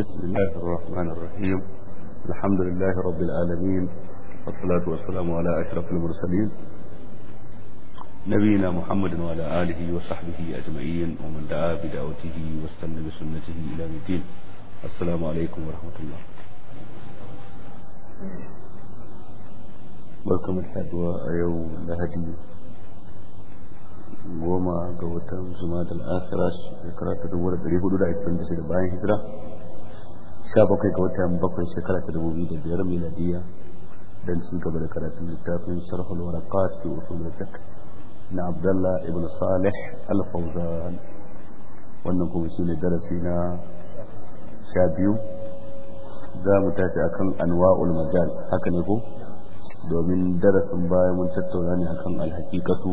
بسم الله الرحمن الرحيم الحمد لله رب العالمين والصلاة والسلام على أشرف المرسلين نبينا محمد وعلى آله وصحبه أجمعين ومن دعا بدعوته واستنى بسنته إلى الدين السلام عليكم ورحمة الله بكم mu saduwa لهدي وما قوتهم goma الآخرة watan zumadal akhira shekara ta dubu da 17 ga watan 7 shekara ta 2005 miladiya dan ci gaba da karatun littafin sharhul waraqat fi usul al-fiqh na Abdullah ibn Salih al-Fawzan wannan kuma shine darasi na 12 za mu tafi akan anwa'ul majaz haka ne ko domin darasin baya mun tattauna ne akan al-haqiqatu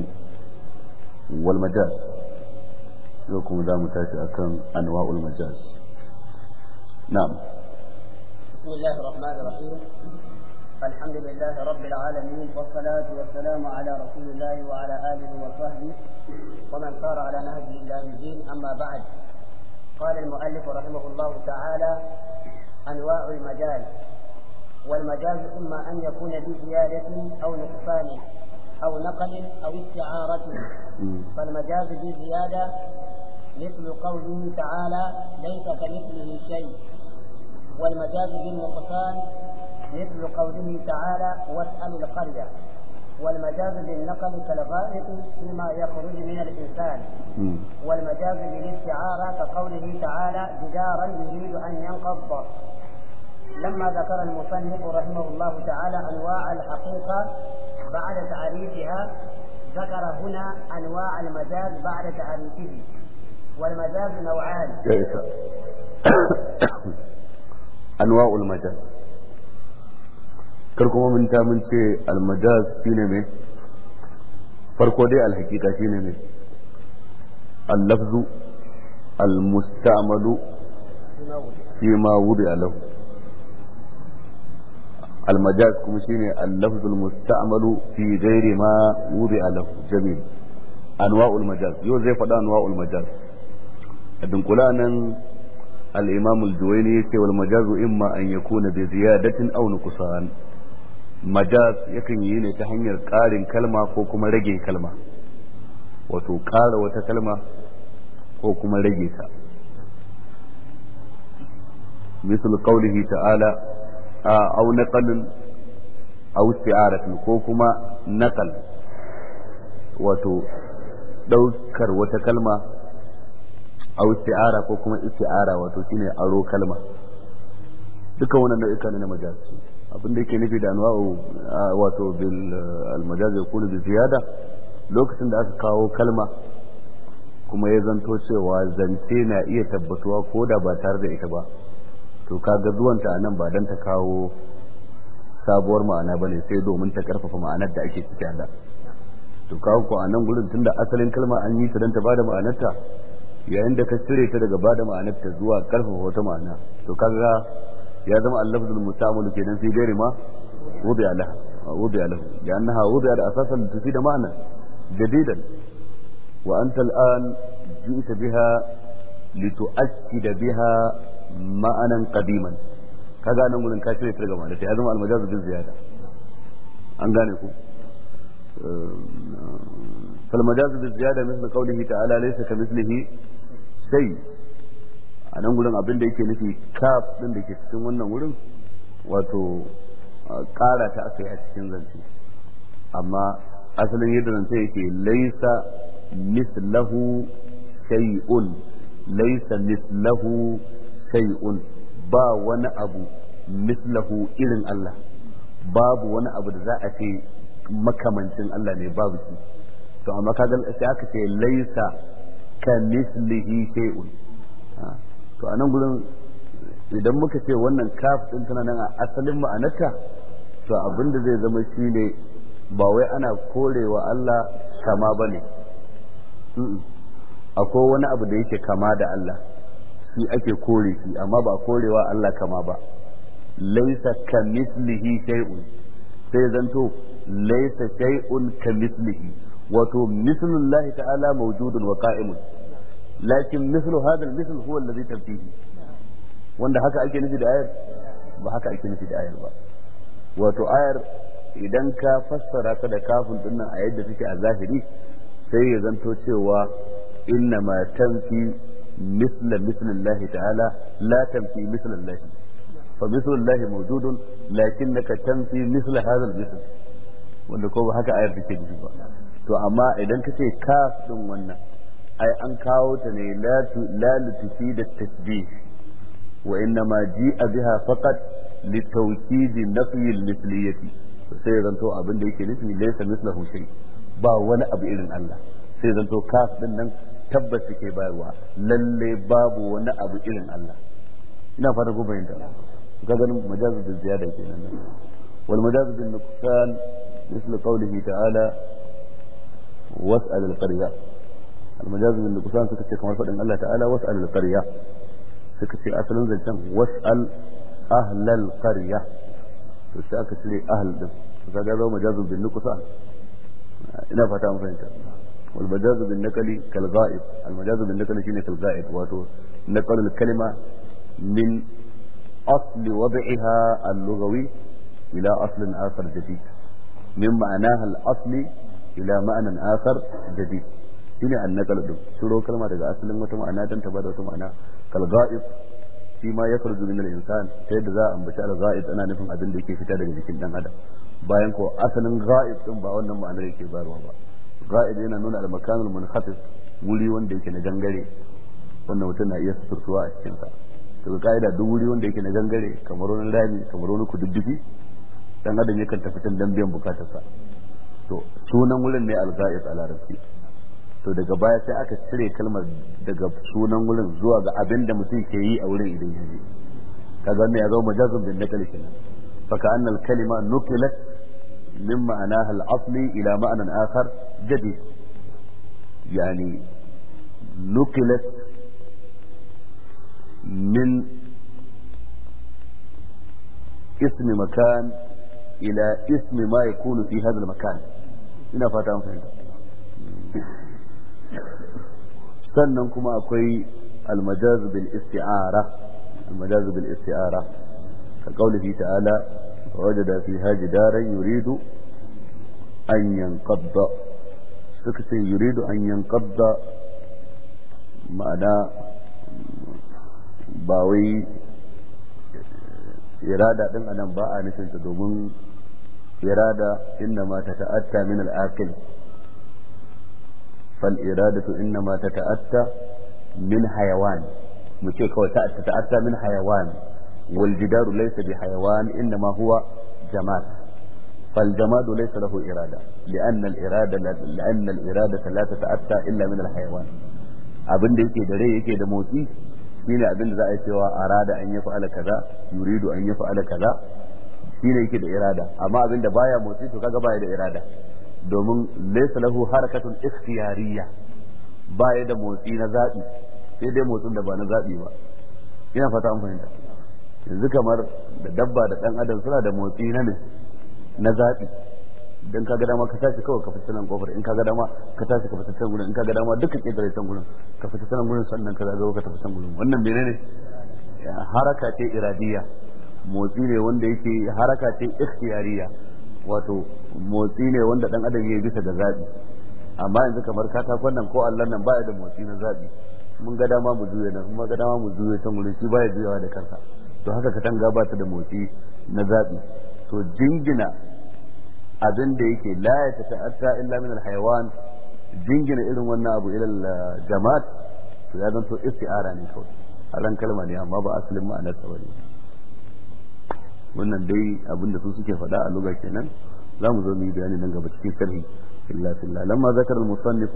wal majaz yau kuma za mu tafi akan anwa'ul majaz نعم بسم الله الرحمن الرحيم الحمد لله رب العالمين والصلاة والسلام على رسول الله وعلى آله وصحبه ومن سار على نهجه إلى الدين أما بعد قال المؤلف رحمه الله تعالى أنواع المجاز والمجاز إما أن يكون بزيادة أو نقصان أو نقل أو استعارة فالمجاز بزيادة مثل قوله تعالى ليس كمثله شيء والمجاز بالنقصان مثل قوله تعالى واسأل القرية والمجاز بالنقل كالغائط فيما يخرج من الإنسان والمجاز بالاستعارة كقوله تعالى جدارا يريد أن ينقض لما ذكر المصنف رحمه الله تعالى أنواع الحقيقة بعد تعريفها ذكر هنا أنواع المجاز بعد تعريفه والمجاز نوعان anwa'ul majaz kar kuma mun ta mun ce almajaz shine me farko dai alhaqiqa shine me al-lafzu al-musta'malu fi ma wudi'a lahu المجاز كما شيني اللفظ المستعمل ma غير ما وضع له جميل yau zai يو زي فدا انواع المجاز nan. al-imam ya juwayni yace wal majazu imma an yakuna bi ziyadatin aw nuqsan majaz yakan yi ne ta hanyar ƙarin kalma ko kuma rage kalma wato ƙara wata kalma ko kuma rage ta misal qawlihi ta'ala aw naqalun aw isti'aratun ko kuma naqal wato ɗaukar wata kalma au isti'ara ko kuma isti'ara wato shine aro kalma duka wannan nau'ika ne na abin da yake nufi da anwa'u wato bil al majaz yakunu bi ziyada lokacin da aka kawo kalma kuma ya zanto cewa zance na iya tabbatuwa ko da ba tare da ita ba to ga zuwanta anan ba dan ta kawo sabuwar ma'ana bane sai domin ta karfafa ma'anar da ake ciki da to kawo ko anan gurin tunda asalin kalma an yi ta dan ta bada ma'anarta yayin da ka cire ta daga bada ma'anarta zuwa karfafa wata ma'ana to kaga ya zama allafzul musta'malu kenan fi gairi ma wubi alaha wubi alahu li'annaha wubi ala asasan tufid ma'ana jadidan wa anta al'an ji'ta biha لتؤكد بها معنى قديما kaga nan gurin ka cire daga ma'anarta ya zama almajazu bin ziyada an gane ku فالمجاز بالزيادة مثل قوله تعالى ليس كمثله sai a nan wurin abin da yake nufi kaf ɗin da ke cikin wannan wurin wato ƙara ta aka yi a cikin zance amma asalin yadda zance yake laisa mislahu shay'un laisa mislahu shay'un ba wani abu mislahu irin Allah babu wani abu da za a ce makamancin Allah ne babu shi to amma kaga sai aka ce laisa ka mislihi shay'un ah, to a nan gurin idan muka ce wannan kaf din tana nan a asalin ma'anarta to abin da zai zama shine ba wai ana korewa Allah kama bane akwai wani abu da yake kama da Allah shi ake kore shi amma ba korewa Allah kama ba laisa ka mislihi shay'un sai zanto laisa shay'un ka mislihi wato mislun lahi ta'ala mawjudun wa qa'imun lakin mislu hadha al-misl huwa alladhi tabdihi wanda haka ake nufi da ayar ba haka ake nufi da ayar ba wato ayar idan ka fassara ta da kafin dinnan a yadda take a zahiri sai ya zanto cewa inna ma tanfi misla lahi ta'ala la tanfi mislillahi fa mislillahi mawjudun lakinnaka tanfi misla hadha al-misl wanda ko ba haka ayar take nufi ba to amma idan ka ce kaf din wannan ai an kawo ta ne la litufi da tasbih wa inna ma ji a biha faqat li tawkid nafyi al-misliyati sai ya zanto abin da yake nufi laysa mislahu shay ba wani abu irin Allah sai zanto kaf din nan tabbas suke bayarwa lalle babu wani abu irin Allah ina fata ku fahimta ka ganin da ziyada kenan wal majazin nuqsan mislu qawlihi ta'ala واسال القريه المجاز من لبسان سكتي كما فرد ان الله تعالى واسال القريه سكتي اصلا زلتم واسال اهل القريه فشاك لي اهل دم هذا هو مجاز بالنقصان انا فتاة مفهنت والمجاز بالنقل كالغائب المجاز بالنقل شيني كالغائب واتو نقل الكلمة من اصل وضعها اللغوي الى اصل اخر جديد من معناها الأصلي ila ma'anan akhar jadid shine annakal din shiro kalma daga asalin wata ma'ana dan ta bada wata ma'ana kal ghaib shi ma ya farzu min al-insan ta yadda za a ambaci al-ghaib ana nufin abin da yake fita daga jikin dan adam bayan ko asalin ghaib din ba wannan ma'anar yake bayarwa ba ghaib yana nuna al-makan al-munhatif wuri wanda yake na gangare wannan mutum na iya suturtuwa a cikin sa to ka'ida duk wuri wanda yake na gangare kamar wani rami kamar wani kududdufi dan adam yakan tafi can dan biyan bukatarsa to sunan wurin ne al-ga'id a larabci to daga baya sai aka cire kalmar daga sunan wurin zuwa ga abin da mutum ke yi a wurin idan ya je kaga wannan ya zama majazun bin nakal kenan fa ka annal kalima nuqilat min ma'anaha al-asli ila ma'anan akhar jadid yani nuqilat min اسم مكان إلى اسم ما يكون في هذا المكان ina fata an fahimta sannan kuma akwai almajaz bil isti'ara almajaz bil isti'ara ka fi ta'ala wajada fiha jidaran yuridu an yanqadda suka ce yuridu an yanqadda ma'ana ba wai irada din anan ba a nufin ta domin irada innama tata'atta min al-aqil fal iradatu innama tata'atta min hayawan mu ce kawai tata'atta min hayawan wal jidaru فالجماد ليس له إرادة لأن الإرادة لأن الإرادة لا تتأتى إلا من الحيوان abin da yake da rai yake da motsi shine abin da za a yi cewa arada an yi fa'ala kaza an kaza shi ne yake da irada amma abin da baya motsi to kaga baya da irada domin laysa lahu harakatun ikhtiyariyya baya da motsi na zabi sai dai motsin da ba na zabi ba ina fata an fahimta yanzu kamar da dabba da dan adam suna da motsi na ne na zabi dan kaga dama ka tashi kawai ka fita nan kofar in kaga dama ka tashi ka fita can gurin in kaga dama duka kedare can gurin ka fita can gurin sannan ka zagawo ka tafi can gurin wannan menene haraka ce iradiyya motsi ne wanda yake haraka ce ikhtiyariya wato motsi ne wanda dan adam yake bisa ga zabi amma yanzu kamar katakon nan ko Allah nan baya da motsi na zabi mun ga dama mu juye nan kuma ga dama mu juye san gurin shi baya juyawa da kansa to haka ka tanga ba ta da motsi na zabi to jingina abin da yake la ya ta'atta illa min alhayawan jingina irin wannan abu ila jama'at to ya zanto isti'ara ne kawai a ran kalma ne amma ba asalin ma'anar sa bane wannan dai abinda sun suke faɗa a lugha kenan za mu zo mu yi bayani nan gaba cikin sharhi illa fillah lamma zakara al-musannif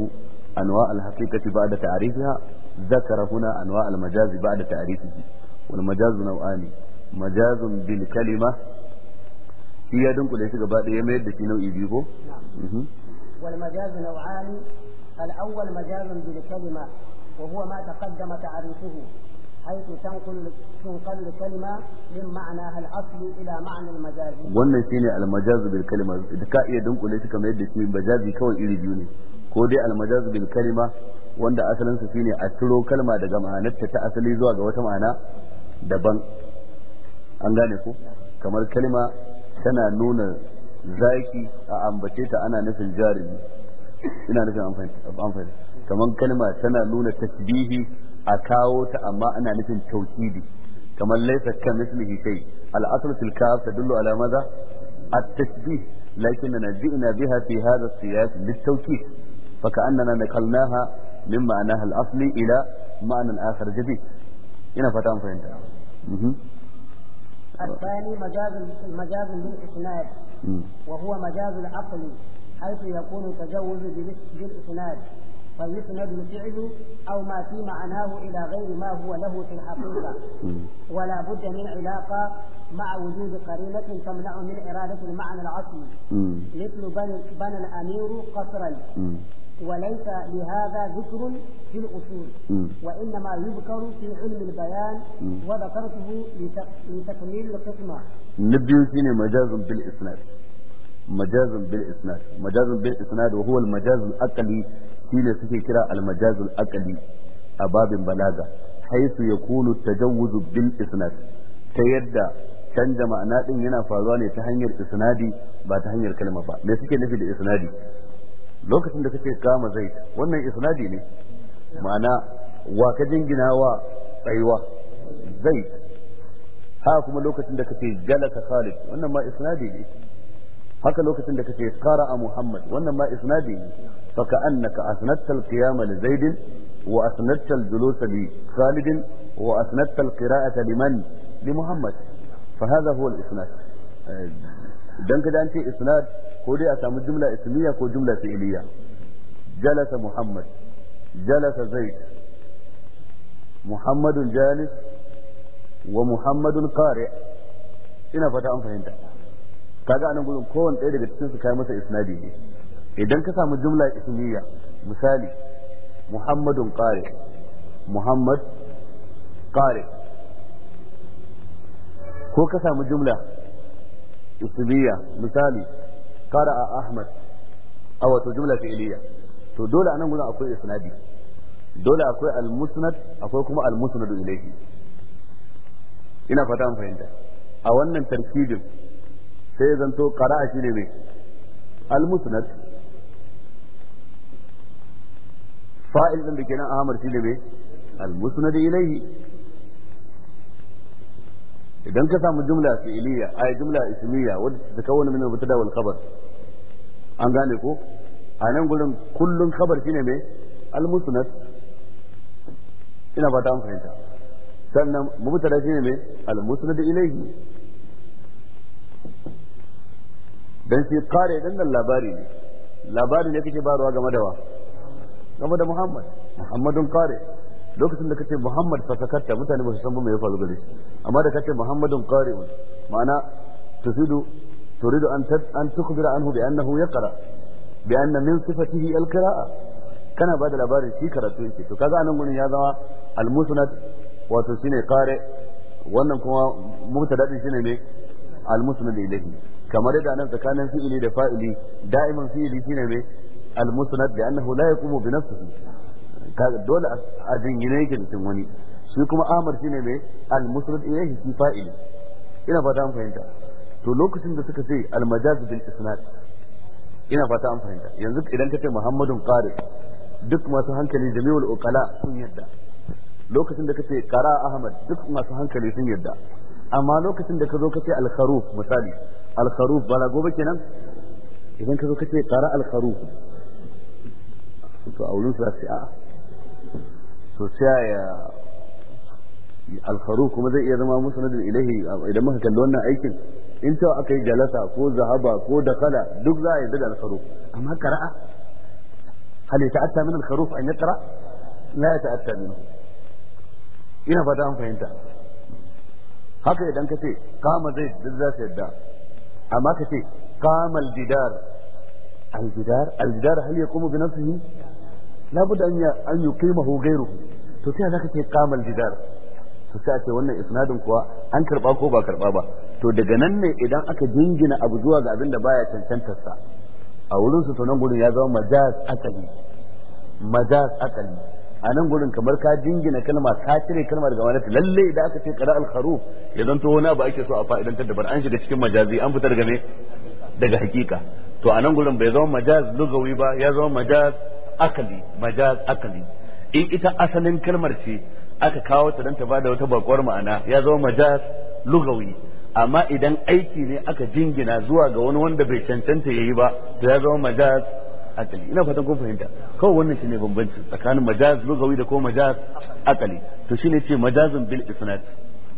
anwa al-haqiqati ba'da ta'rifiha zakara huna anwa al-majazi ba'da ta'rifihi wal majazu naw'ani majazun bil kalima shi ya dunkule shi gaba ɗaya mayar da shi nau'i biyu ko mhm. wal majazu naw'ani al-awwal majazun bil kalima وهو ما تقدم تعريفه حيث تنقل تنقل الكلمة من معناها الأصلي إلى معنى المجاز wannan shine almajaz bil kalima da ka iya dunkule shi kamar yadda shi majazi kawai iri biyu ne ko dai almajaz bil kalima wanda asalin sa shine a ciro kalma daga ma'anarta ta asali zuwa ga wata ma'ana daban an gane ko kamar kalima tana nuna zaki a ambace ta ana nufin jarumi ina nufin amfani kamar kalma tana nuna tasbihi a kawo ta amma ana nufin tauhidi kamar laysa ka mislihi shay al aslu fil kaf tadullu ala madha at tashbih lakinna ji'na biha fi hadha as-siyaq lit-tawkid فكأننا نقلناها من معناها الأصلي إلى معنى آخر جديد هنا فتام فهمت الثاني مجاز مجاز بالإسناد وهو مجاز العقل حيث يكون التجوز بالإسناد فيسند الفعل أو ما في معناه إلى غير ما هو له في الحقيقة ولا بد من علاقة مع وجود قرينة تمنع من إرادة المعنى العصي مثل بنى الأمير قصرا وليس لهذا ذكر في الأصول وإنما يذكر في علم البيان وذكرته لتكميل القسمة نبي شيني مجاز بالإسناد مجاز بالإسناد مجاز بالإسناد وهو المجاز الأقلي shine suke kira almajazul aqli a babin balaga haisu yakunu tajawuzu bil isnad ta yadda canja ma'ana din yana faruwa ne ta hanyar isnadi ba ta hanyar kalma ba me suke nufi da isnadi lokacin da kace kama zait wannan isnadi ne ma'ana wa ka jingina wa tsayuwa zait ha kuma lokacin da kace jalasa khalid wannan ma isnadi ne haka lokacin da kace a muhammad wannan ma isnadi ne فكأنك أسندت القيام لزيد وأسندت الجلوس لخالد وأسندت القراءة لمن لمحمد فهذا هو الإسناد دنك ده أنت إسناد كودي أسام جملة اسمية كو جملة فعلية جلس محمد جلس زيد محمد جالس ومحمد قارئ ina fata an fahimta kaga anan gudun kowanne ɗaya daga cikin su kai masa isnadi ne idan ka samu jumla ismiya misali muhammadun qari muhammad qari ko ka samu jumla ismiya misali a ahmad a wato jumla fi'liya to dole a nan gudan akwai isnadi dole akwai al akwai kuma al-musnadu ilayhi ina fata an fahimta a wannan tarkibin sai zanto ƙara'a shine ne al-musnad fa'il ɗin da hamar ahmad shine me al-musnad ilayhi idan ka samu jumla a yi jumla ismiya wadda ta kawo min al da wal khabar an gane ko a nan gudun kullun khabar shine me al-musnad ina ba ta an fahimta sannan shi ne me al da ilayhi dan shi kare dan labari ne labari ne kake barwa game da wa game da Muhammad Muhammadun Kare lokacin da kace Muhammad fa mutane ba su san ba me ya faru gare shi amma da kace Muhammadun Kare ma'ana tufidu turidu an an tukhbira anhu bi annahu yaqra bi anna min sifatihi al-qira'a kana ba da labarin shi karatu yake to kaga anan gurin ya zama al wato shine kare wannan kuma mubtada din shine ne al-musnad ilayhi kamar da nan tsakanin fi'ili da fa'ili da'iman fi'ili shine ne al-musnad da annahu la yaqumu bi nafsihi kaga dole a jingine yake wani shi kuma amar shine me al-musnad ilayhi shi fa'ili ina fata an fahimta to lokacin da suka ce al-majaz bil isnad ina fata an fahimta yanzu idan ka ce muhammadun qari duk masu hankali jami'ul uqala sun yadda lokacin da ka ce qara ahmad duk masu hankali sun yadda amma lokacin da ka zo ka ce al-kharuf misali al-kharuf bala gobe kenan idan ka zo ka ce qara al-kharuf to a sa sai a to sai ya alfaru kuma zai iya zama musnadin ilahi idan muka kalli wannan aikin in cewa aka yi jalasa ko zahaba ko dakala duk za a yi daga alfaru amma qara'a hal yata'atta min al-kharuf an yaqra la yata'atta minhu ina fata an fahimta haka idan ka ce kama zai duk za su yadda amma ka ce kama al-jidar al-jidar al-jidar bi nafsihi labudda an yi qimahu gairu to sai zaka ce qamal jidar to sai a ce wannan isnadin kuwa an karba ko ba karba ba to daga nan ne idan aka jingina abu zuwa ga abin da baya cancantar sa a wurin su to nan gurin ya zama majaz akali majaz akali a nan gurin kamar ka jingina kalma ka cire kalma daga wani lalle idan aka ce qara al-kharuf ya zanto wani abu ake so a fa'idantar da bar an shiga cikin majazi an fitar daga ne daga hakika to a nan gurin bai zama majaz lugawi ba ya zama majaz akali majaz akali in ita asalin kalmar ce aka kawo ta don ta bada wata bakwar ma'ana ya zama majaz lugawi amma idan aiki ne aka jingina zuwa ga wani wanda bai cancanta yayi ba to ya zama majaz akali ina fatan kun fahimta kawai wannan shine bambanci tsakanin majaz lugawi da kuma majaz akali to shine ce majazun bil isnad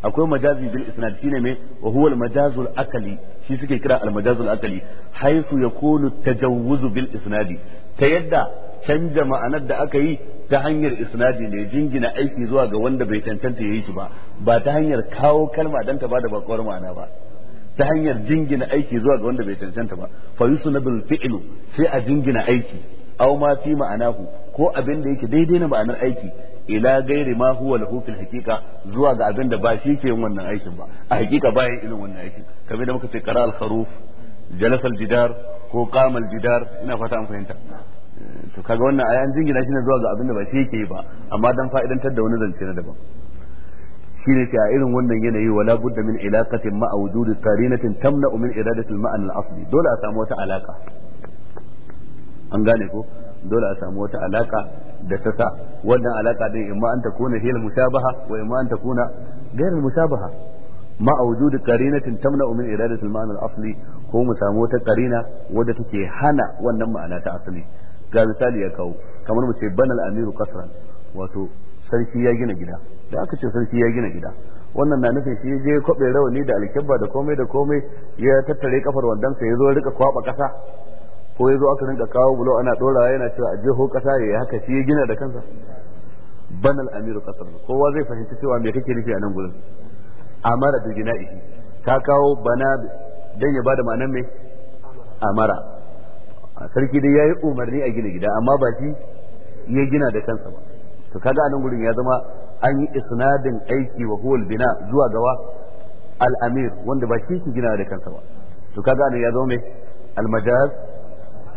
akwai majazi bil isnad shine me wa huwa al majazul akali shi suke kira al majazul akali haythu yakunu tajawuzu bil isnadi ta yadda canja ma'anar da aka yi ta hanyar isnadi ne jingina aiki zuwa ga wanda bai ya yi shi ba ba ta hanyar kawo kalma dan ta bada bakwar ma'ana ba ta hanyar jingina aiki zuwa ga wanda bai tantanta ba fa yusnadul fi'lu sai a jingina aiki aw ma fi ma'anahu ko abin da yake daidai na ma'anar aiki ila gairi ma huwa lahu fil haqiqa zuwa ga abin da ba shi ke yin wannan aikin ba a haqiqa ba yin irin wannan aikin kamar da muka ce qara al kharuf jalasa al jidar ko qama al jidar ina fata an fahimta to kaga wannan ayan jingina shine zuwa ga abinda ba shi yake ba amma dan fa'idantar da wani zance na daban shine ta irin wannan yanayi wala budda min ilaqatin ma wujud qarinatin tamna'u min iradati al-ma'an al-asli dole a samu wata alaka an gane ko dole a samu wata alaka da ta sa wannan alaka din imma an takuna hiya al-mushabaha wa imma an takuna ghayr al-mushabaha ma wujud qarinatin tamna'u min iradati al-ma'an al-asli ko mu wata qarina wadda take hana wannan ma'ana ta asali ga misali ya kawo kamar mu ce banal amiru kasran wato sarki ya gina gida da aka ce sarki ya gina gida wannan na nufin shi je kwabe rawani da alkibba da komai da komai ya tattare kafar wandansa ya zo rika kwaba kasa ko ya zo aka rinka kawo bulo ana dorawa yana cewa a jeho kasa ya yi haka shi ya gina da kansa banal amiru kasar kowa zai fahimci cewa me kake nufi a nan gurin amara da jina'i ka kawo bana dan ya bada ma'anar me amara sarki dai ya yi umarni a gina gida amma ba shi ya gina da kansa ba to kaga anan gurin ya zama an yi isnadin aiki wa huwal bina zuwa gawa al-amir wanda ba shi ke gina da kansa ba to kaga anan ya zama mai al-majaz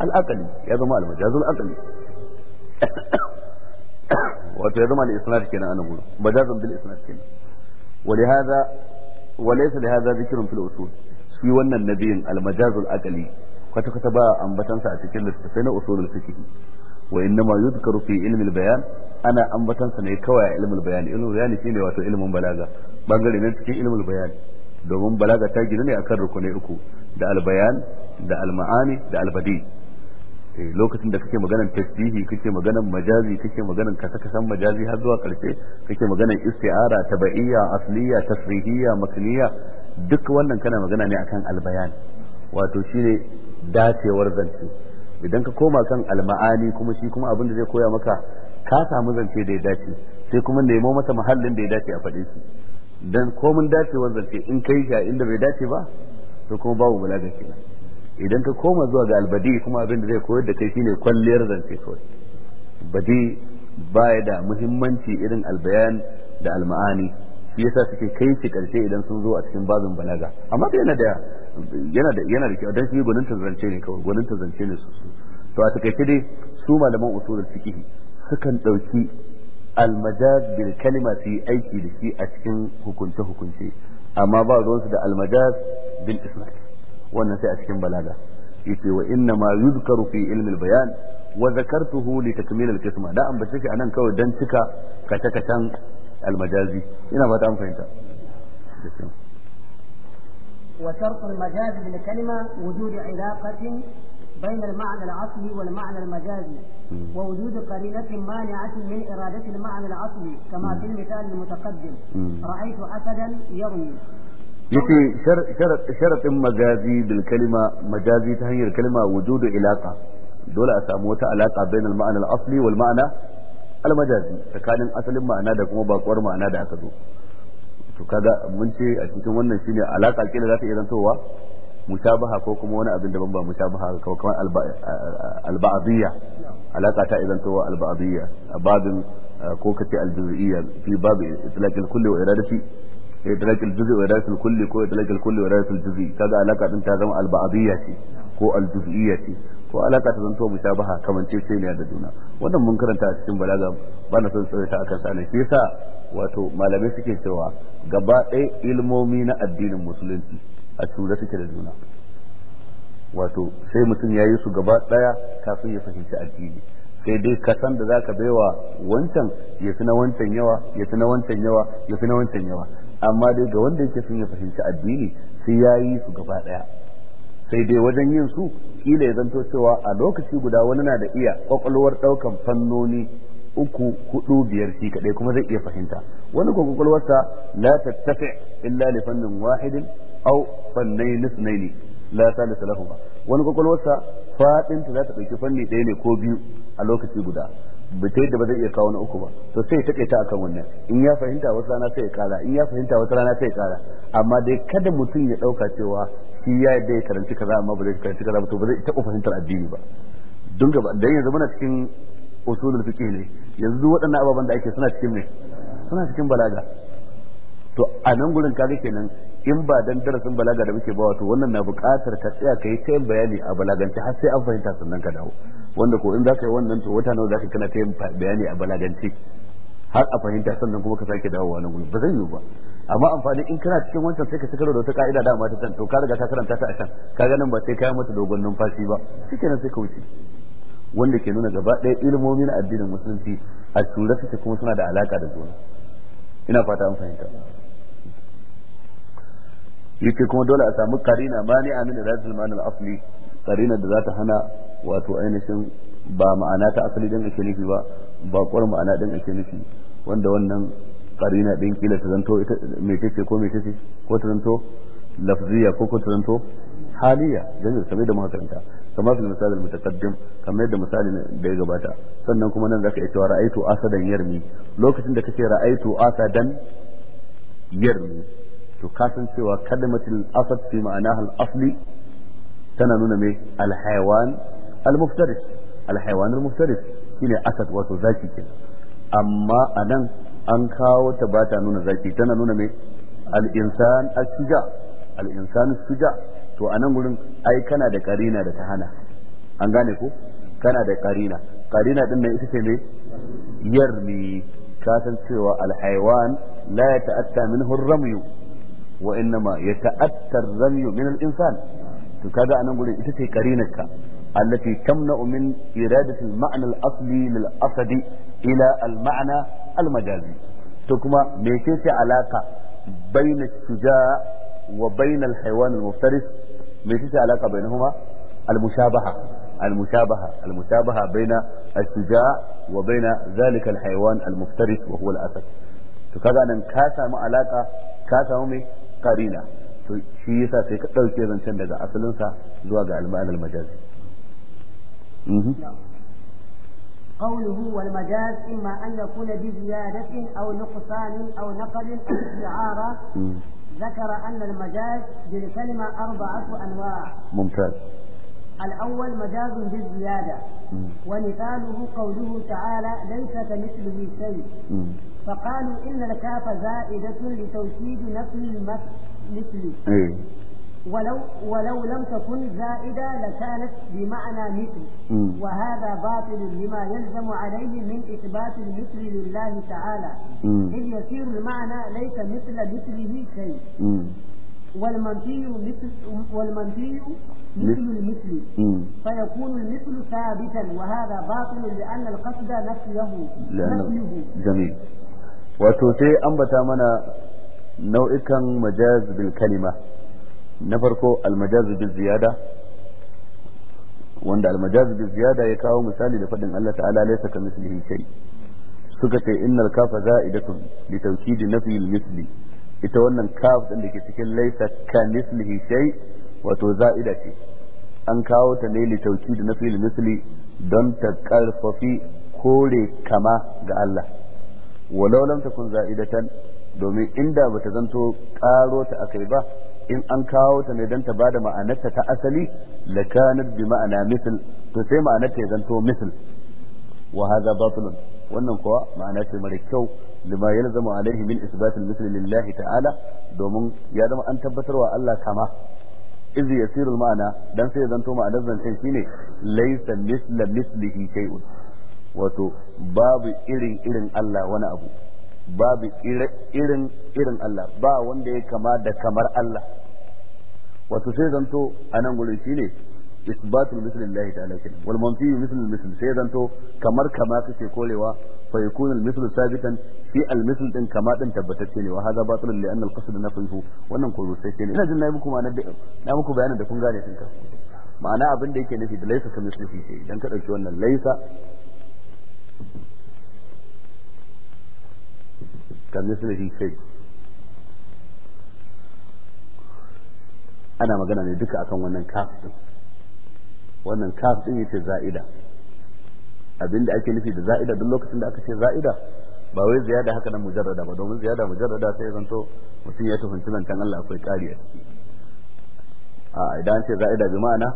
al-aqli ya zama al-majaz al-aqli wato ya zama al-isnad kenan anan gurin majazan bil isnad kenan ولهذا وليس لهذا ذكر في الأصول في ون النبي المجاز الأقلي kwata kwata ba ambatansa a cikin littattafai na usulul fiqh wa innama yudkaru fi ilmi al-bayan ana ambatansa ne kawai a ilmul bayan ilmul bayan shine wato ilmin balaga bangare ne cikin ilmul bayan domin balaga ta gina ne akan rukunai uku da al-bayan da al-ma'ani da al-badi eh, lokacin da kake maganan tasbihi kake maganan majazi kake maganan kasa-kasan majazi har zuwa karshe kake maganar isti'ara tabaiyya asliya tasrihiyya makniya duk wannan kana magana ne akan albayan wato shine dacewar zance idan ka koma kan alma'ani kuma shi kuma abin da zai koya maka ka samu zance da ya dace sai kuma nemo mata mahallin da ya dace a faɗe shi dan komin dacewar zance in kai shi a inda bai dace ba to kuma babu balaga kenan idan ka koma zuwa ga albadi kuma abin da zai koyar da kai ne kwalliyar zance kawai badi baya da muhimmanci irin albayan da alma'ani shi yasa suke kai shi karshe idan sun zo a cikin bazin balaga amma yana da yana da yana da kyau dan shi gwanin zance ne kawai gwanin zance ne su to a takaice dai su malaman usulul fiqh sukan dauki almajaz bil kalima su yi aiki da shi a cikin hukunce hukunce amma ba su da almajaz bil isnad wannan sai a cikin balaga yace wa inna ma yuzkaru fi ilmi al bayan wa zakartuhu li takmil al qisma da an bace ki anan kawai dan cika kace kacen almajazi ina ta an fahimta وشرط المجاز للكلمة وجود علاقة بين المعنى الأصلي والمعنى المجازي ووجود قرينة مانعة من إرادة المعنى الأصلي كما في المثال المتقدم رأيت أسدا يرمي يتي شرط شرط مجازي بالكلمة مجازي تهي الكلمة وجود علاقة دول أساموت علاقة بين المعنى الأصلي والمعنى المجازي فكان أسلم المعنى دكم وباقور معنى دكم to kaga mun ce a cikin wannan shine alaka kila za ta iya zantowa mutabaha ko kuma wani abin daban ba mutabaha ko kuma alba'adiyya alaka ta iya zantowa alba'adiyya a babin ko kace aljuz'iyya fi babu itlaqil kulli wa iradati itlaqil juz'i wa iradati kulli ko itlaqil kulli wa iradati juz'i kaga alaka din ta zama alba'adiyya ce ko aljuz'iyya ce ko alaka ta zanto mutabaha kamar ce ce ne da juna wannan mun karanta a cikin balaga ba na son tsawaita akan sa ne shi yasa wato malamai suke cewa gaba ɗaya ilmomi na addinin musulunci a tura suke da juna wato sai mutum ya yi su gaba ɗaya kafin ya fahimci addini sai dai ka san da za ka baiwa wancan ya fi na wancan yawa ya fi na wancan yawa ya fi na wancan yawa amma dai ga wanda yake sun ya fahimci addini sai ya yi su gaba ɗaya sai dai wajen yin su kila ya zanto cewa a lokaci guda wani na da iya kwakwalwar ɗaukan fannoni uku hudu biyar shi kadai kuma zai iya fahimta wani ko kwakwalwarsa la tattafi illa li fannin wahidin aw fannai ithnayn la thalith lahuma wani kwakwalwarsa fadin ta za ta dauki fanni ɗaya ne ko biyu a lokaci guda bita yadda ba zai iya kawo na uku ba to sai ta kaita akan wannan in ya fahimta wata rana sai ya kara in ya fahimta wata rana sai ya kara amma dai kada mutum ya dauka cewa shi ya yadda ya karanci kaza amma ba zai karanci kaza ba to ba zai taɓa fahimtar addini ba don gaba dan yanzu muna cikin usulul fiqh ne yanzu waɗannan ababen da ake suna cikin ne suna cikin balaga to a nan gurin kaga kenan in ba dan darasin balaga da muke bawa to wannan na buƙatar ka tsaya ka yi tayin bayani a balagance har sai an fahimta sannan ka dawo wanda ko in za ka yi wannan to wata nawa za ka kana tayin bayani a balagance har a fahimta sannan kuma ka sake dawo nan gurin ba zai yiwu ba amma amfani in kana cikin wancan sai ka ci da wata ka'ida da ta can to ka riga ka karanta ta a can ka ganin ba sai ka yi mata dogon numfashi ba shikenan sai ka wuce wanda ke nuna gaba ɗaya ilimomi na addinin musulunci a tura suke kuma suna da alaka da juna ina fata an fahimta yake kuma dole a samu karina mani amin razil manal asli karina da za ta hana wato ainihin ba ma'ana ta asali din ake nufi ba ba kwar ma'ana din ake nufi wanda wannan karina din kila ta zanto ko mai ce ko ta zanto lafziya ko ko ta zanto haliya dan da sabai da muka kama misalin misal al kamar yadda misali da ya gabata sannan kuma nan zaka ita ra'aitu asadan yarmi lokacin da kace ra'aitu asadan yarmi to kasancewa kalmatul asad fi ma'anaha al asli tana nuna me al hayawan al muftaris al hayawan al muftaris shine asad wato zaki kenan amma anan an kawo ta bata nuna zaki tana nuna me al insan al shija al insan al shija to a nan gurin ai kana da karina da ta hana an gane ko kana da karina karina din nan ita ce me yarmi ka san cewa alhaiwan la yata'atta minhu wa innama yata'atta ar-ramyu min al-insan to kaga a nan gurin ita ce karinarka asli تمنع من ila المعنى الأصلي للأسد إلى المعنى kuma تكما ميتيس alaka بين الشجاع وبين الحيوان المفترس ميتيش علاقة بينهما المشابهة المشابهة المشابهة بين الشجاع وبين ذلك الحيوان المفترس وهو الأسد فكذا أن كاسا ما علاقة كاسا أمي قرينة shi yasa sai ka ɗauke zancen daga asalinsa zuwa ga alma'anar majazi قوله والمجاز إما أن يكون بزيادة أو نقصان أو نقل أو استعارة ذكر أن المجاز بالكلمة أربعة أنواع ممتاز الأول مجاز بالزيادة ومثاله قوله تعالى ليس كمثله شيء فقالوا إن الكاف زائدة لتوكيد نفي المثل إيه. ولو ولو لم تكن زائدة لكانت بمعنى مثل وهذا باطل لما يلزم عليه من إثبات المثل لله تعالى إذ يصير المعنى ليس مثل مثله شيء والمنفي مثل والمنفي مثل المثل فيكون المثل ثابتا وهذا باطل لأن القصد نفيه نفيه جميل وتوسي أنبت منا نوعكا مجاز بالكلمة na farko almajazu bil ziyada wanda almajazu bil ziyada ya kawo misali da fadin Allah ta'ala laysa mislihi shay suka ce innal kafa za'idatun li tawkid nafi al misli ita wannan kaf din da ke cikin laysa mislihi shay wato za'ida ce an kawo ta ne li tawkid nafi al misli don ta karfafi kore kama ga Allah walau lam takun za'idatan domin inda bata zanto karo ta akai ba in an kawo ta ne don ta bada ma'anarta ta asali la kanat bi ma'ana misl to sai ma'anarta ya zanto misl wa hadha wannan kuwa ma'ana ce mara kyau lima yalzamu alaihi min isbatil misl lillahi ta'ala domin ya zama an tabbatarwa Allah kama iz yasiru ma'ana dan sai ya zanto ma'anar zancen shine laysa misla mislihi shay'un wato babu irin irin Allah wani abu babu irin irin Allah ba wanda ya kama da kamar Allah wato sai zanto a nan gurin ne isbatul misl lillahi ta'ala kin wal manfi misl misl sai zanto kamar kama kake korewa fa yakunu al misl sabitan shi al misl din kama din tabbatacce ne wa hadha batilun li anna al qasd nafihu wannan ko sai sai ne ina jin na muku ma na muku bayanin da kun gane kinka ma'ana abin da yake nufi da laisa kamar shi sai idan ka dauki wannan laisa kamislihi sai ana magana ne duka akan wannan kaf din wannan kaf din yace za'ida abinda ake nufi da za'ida duk lokacin da aka ce za'ida ba wai ziyada haka nan mujarrada ba domin ziyada mujarrada sai zanto mutum ya tafi nan can Allah akwai kariya a ciki a idan ce za'ida bi ma'ana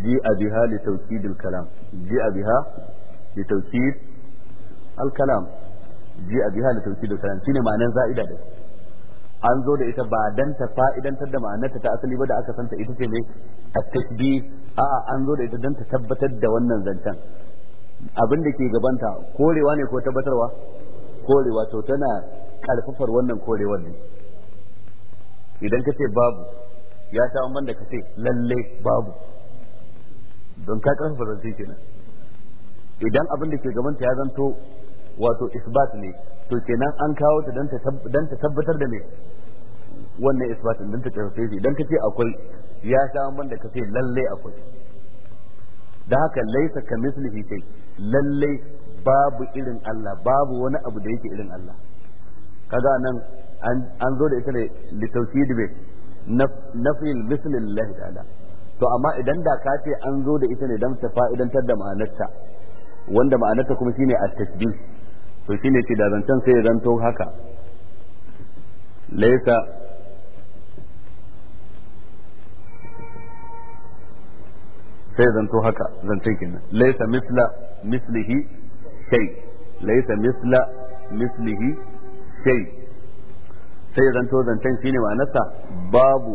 ji a biha li tawkidil kalam ji abiha li tawkid Alkalam kalam ji a biha da tauki da karanci ne ma'anar za'ida da an zo da ita ba dan ta fa'idantar da ma'anarta ta asali ba da aka santa ita ce ne a tasbi a'a an zo da ita dan ta tabbatar da wannan zancen abin da ke gabanta korewa ne ko tabbatarwa korewa to tana karfafar wannan korewar ne idan ka ce babu ya sha wanda da ka ce lalle babu don ka karfafa zance kenan idan abin da ke gabanta ya zanto wato isbat ne to kenan an kawo ta dan ta tabbatar da me wannan isbatin dan ta tabbatar shi dan kace akwai ya sha man da kace lalle akwai da haka laisa mislihi shay lalle babu irin Allah babu wani abu da yake irin Allah kaga nan an zo da ita ne da bi nafi misli lillahi ta'ala to amma idan da ka ce an zo da ita ne dan ta fa'idantar da ma'anarta wanda ma'anarta kuma shine at-tasbih to ne ce da zancen sai ya to haka laisa sai zanto haka zancen kenan laisa misla mislihi shai. laisa misla mislihi shai. sai zanto zancen shi ne ma'anarsa babu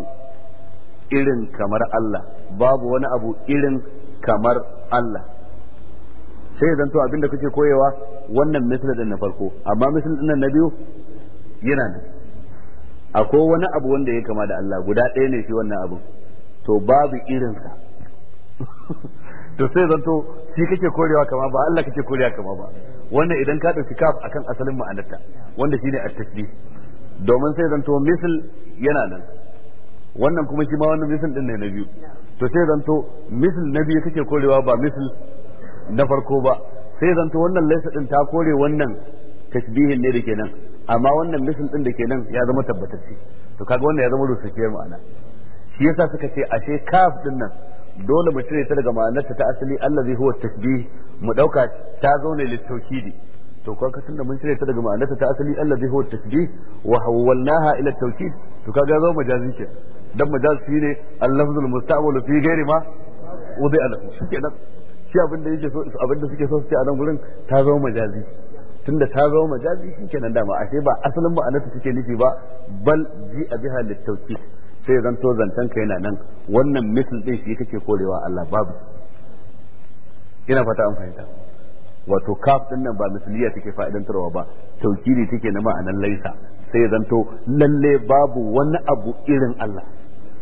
irin kamar Allah babu wani abu irin kamar Allah sai zanto abinda kake koyewa wannan misal din na farko amma misal din na biyu yana nan akwai wani abu wanda ya kama da Allah guda ɗaya ne shi wannan abu to babu irinsa to sai zanto shi kake korewa kama ba Allah kake korewa kama ba wannan idan ka ɗauki kaf akan asalin ma'anarta wanda shine at-tasbih domin sai zanto misal yana nan wannan kuma shi ma wannan misal din ne na biyu to sai zanto misal na biyu kake korewa ba misal na farko ba sai zanto wannan laisa din ta kore wannan tasbihin ne da kenan amma wannan misal din da kenan ya zama tabbatacce to kaga wannan ya zama rusakiyar ma'ana shi yasa suka ce ashe kaf din nan dole mu cire ta daga ma'anarta ta asali allazi huwa tasbih mu dauka ta zo ne litaukidi to kaga da mun cire ta daga ma'anarta ta asali allazi huwa tasbih wa hawwalnaha ila tawkid to kaga zo majazi ke dan majazi ne al-lafzul musta'mal fi ghairi ma wudi'a lahu kenan shi abin da yake so abin da suke so su ce a nan gurin ta zama majazi tunda ta zama majazi shi kenan dama ashe ba asalin ba anata suke nufi ba bal ji a biha littauki sai zan to zantan kai yana nan wannan misal din shi kake korewa Allah babu ina fata an fahimta wato kaf din nan ba misaliya take fa'idantarwa ba taukiri take na ma'anar laisa sai zan to lalle babu wani abu irin Allah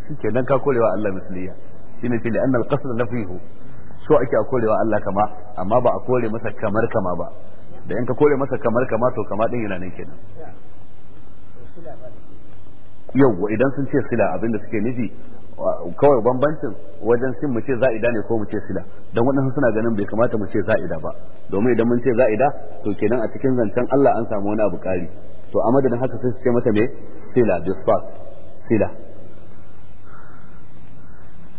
shi kenan ka korewa Allah misaliya shine ce li annal qasr nafihu so ake a korewa Allah kama amma ba a kore masa kamar kama ba da in ka kore masa kamar kama to kama din yana nan kenan yawa idan sun ce sila abinda suke nufi kawai bambancin wajen sin mu ce za'ida ne ko mu ce sila don waɗansu suna ganin bai kamata mu ce za'ida ba domin idan mun ce za'ida to kenan a cikin zancen Allah an samu wani abu ƙari to a madadin haka sai su ce mata me sila bisfat sila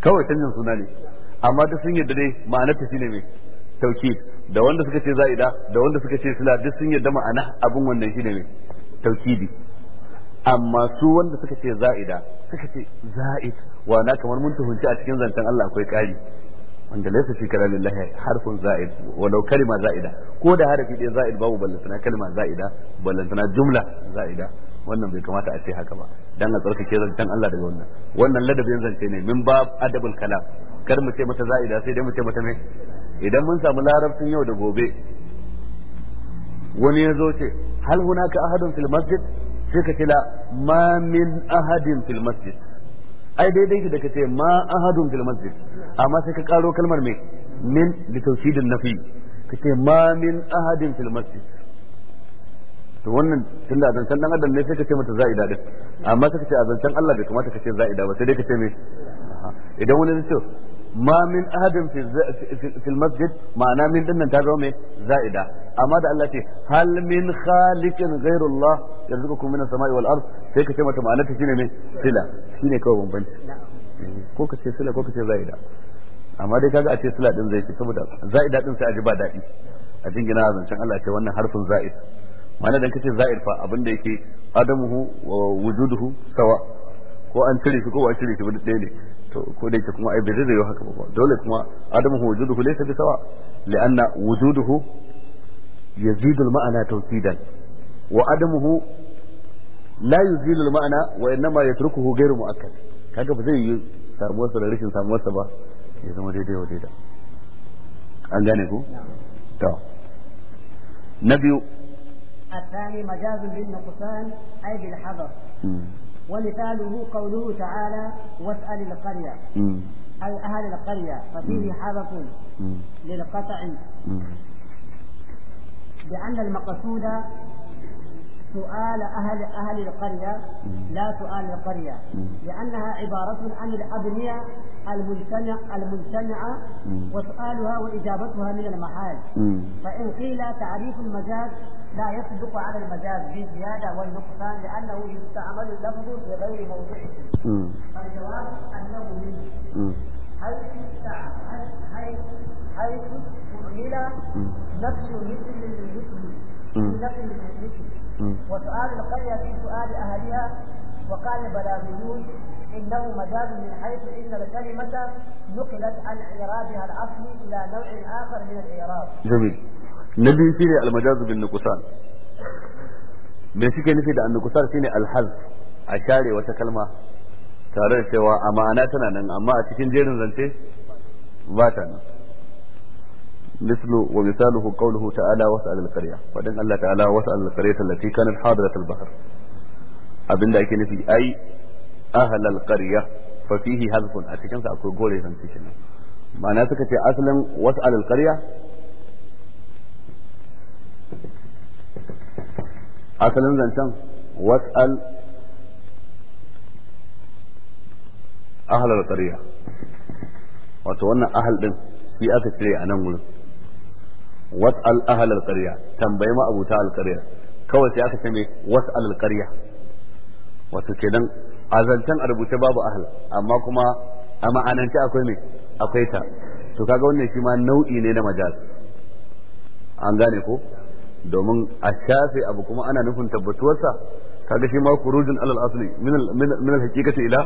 kawai canjin suna ne amma duk sun yadda dai ma'anar ta shine mai tauki da wanda suka ce za'ida da wanda suka ce sila duk sun yadda ma'ana abin wannan shine mai taukidi amma su wanda suka ce za'ida suka ce za'id wa kamar mun tuhunci a cikin zancen Allah akwai ƙari wanda laysa fi kalamillahi harfun za'id walau kalima za'ida ko da harafi ɗaya za'id babu ballantana kalima za'ida ballantana jumla za'ida wannan bai kamata a ce haka ba dan a tsarkake zancen Allah daga wannan wannan ladabin zance ne min bab adabul kalam kar mu ce mata za'ida sai dai mu ce mata mai idan mun samu larabcin yau da gobe wani ya zo ce hal hunaka ahadun fil masjid sai ka ce la ma min ahadin fil masjid ai daidai da ka ce ma ahadun fil masjid amma sai ka karo kalmar mai min li tawkidin nafi ka ce ma min ahadin fil masjid to wannan tunda a zancen dan adam ne sai ka ce mata za'ida din amma sai ka ce a zancen Allah bai kamata ka ce za'ida ba sai dai ka ce mai idan wani zai ce ma min ahadin ma'ana min ta zama mai za'ida amma da Allah ce hal min khaliqin ghairullah yarzuqukum min as-sama'i wal sai ka ce mata ma'ana ta shine mai sila shine kawai bambanci ko ka sila ko ka ce amma dai kaga a ce sila din zai ce saboda za'ida din sai a ji ba daɗi a jingina zancen Allah ce wannan ma'ana dan fa sawa ko an cire shi ko ba cire shi ba ɗaya ne to ko da yake kuma ai bai zai haka ba dole kuma adamu wujuduhu laysa bi sawa li'anna wujuduhu yazidu al-ma'ana tawkidan wa hu la yuzilu al-ma'ana wa innama yatrukuhu ghayru mu'akkad kaga ba zai yi samuwar sa da rashin samuwar sa ba ya zama daidai wa daidai an gane ku to na biyu الثاني مجاز بالنقصان أي بالحذر ومثاله قوله تعالى واسأل القرية أي أهل القرية ففيه حذف للقطع لأن المقصود سؤال أهل أهل القرية لا سؤال القرية لأنها عبارة عن الأبنية المجتمع المجتمعة وسؤالها وإجابتها من المحال فإن قيل تعريف المجاز لا يصدق على المجاز بزيادة والنقصان لأنه يستعمل اللفظ في غير موضعه فالجواب أنه من حيث حيث حيث استعمل نفس مثل المثل نفس المثل وسؤال القرية في سؤال أهلها وقال البلاغيون إنه مجاز من حيث إن الكلمة نقلت عن إعرابها الأصلي إلى نوع آخر من الإعراب جميل نبي فيه المجاز بالنقصان me suke nufi da annukusar shine alhaz a share wata kalma tare da cewa a ma'ana tana nan amma a cikin jerin zance ba ta nan مثل ومثاله قوله تعالى واسأل القرية فإن الله تعالى واسأل القرية التي كانت حاضرة البحر أبن ذلك نفي أي أهل القرية ففيه حذف أتكن سأقول قولي فانتشنا ما ناسك تي أسلم واسأل القرية أصلا زنشان واسأل أهل القرية wato wannan ahal din shi aka tsire a nan gurin was'al ahlal qarya tambayi ma abuta al qarya kawai sai aka ce me was'al al qarya wato kenan azantan a rubuce babu ahl amma kuma a ma'anance akwai me akwai ta to kaga wannan shi ma nau'i ne na majaz an gane ko domin a shafe abu kuma ana nufin tabbatuwarsa kaga shi ma kurujin alal asli min min al haqiqati ila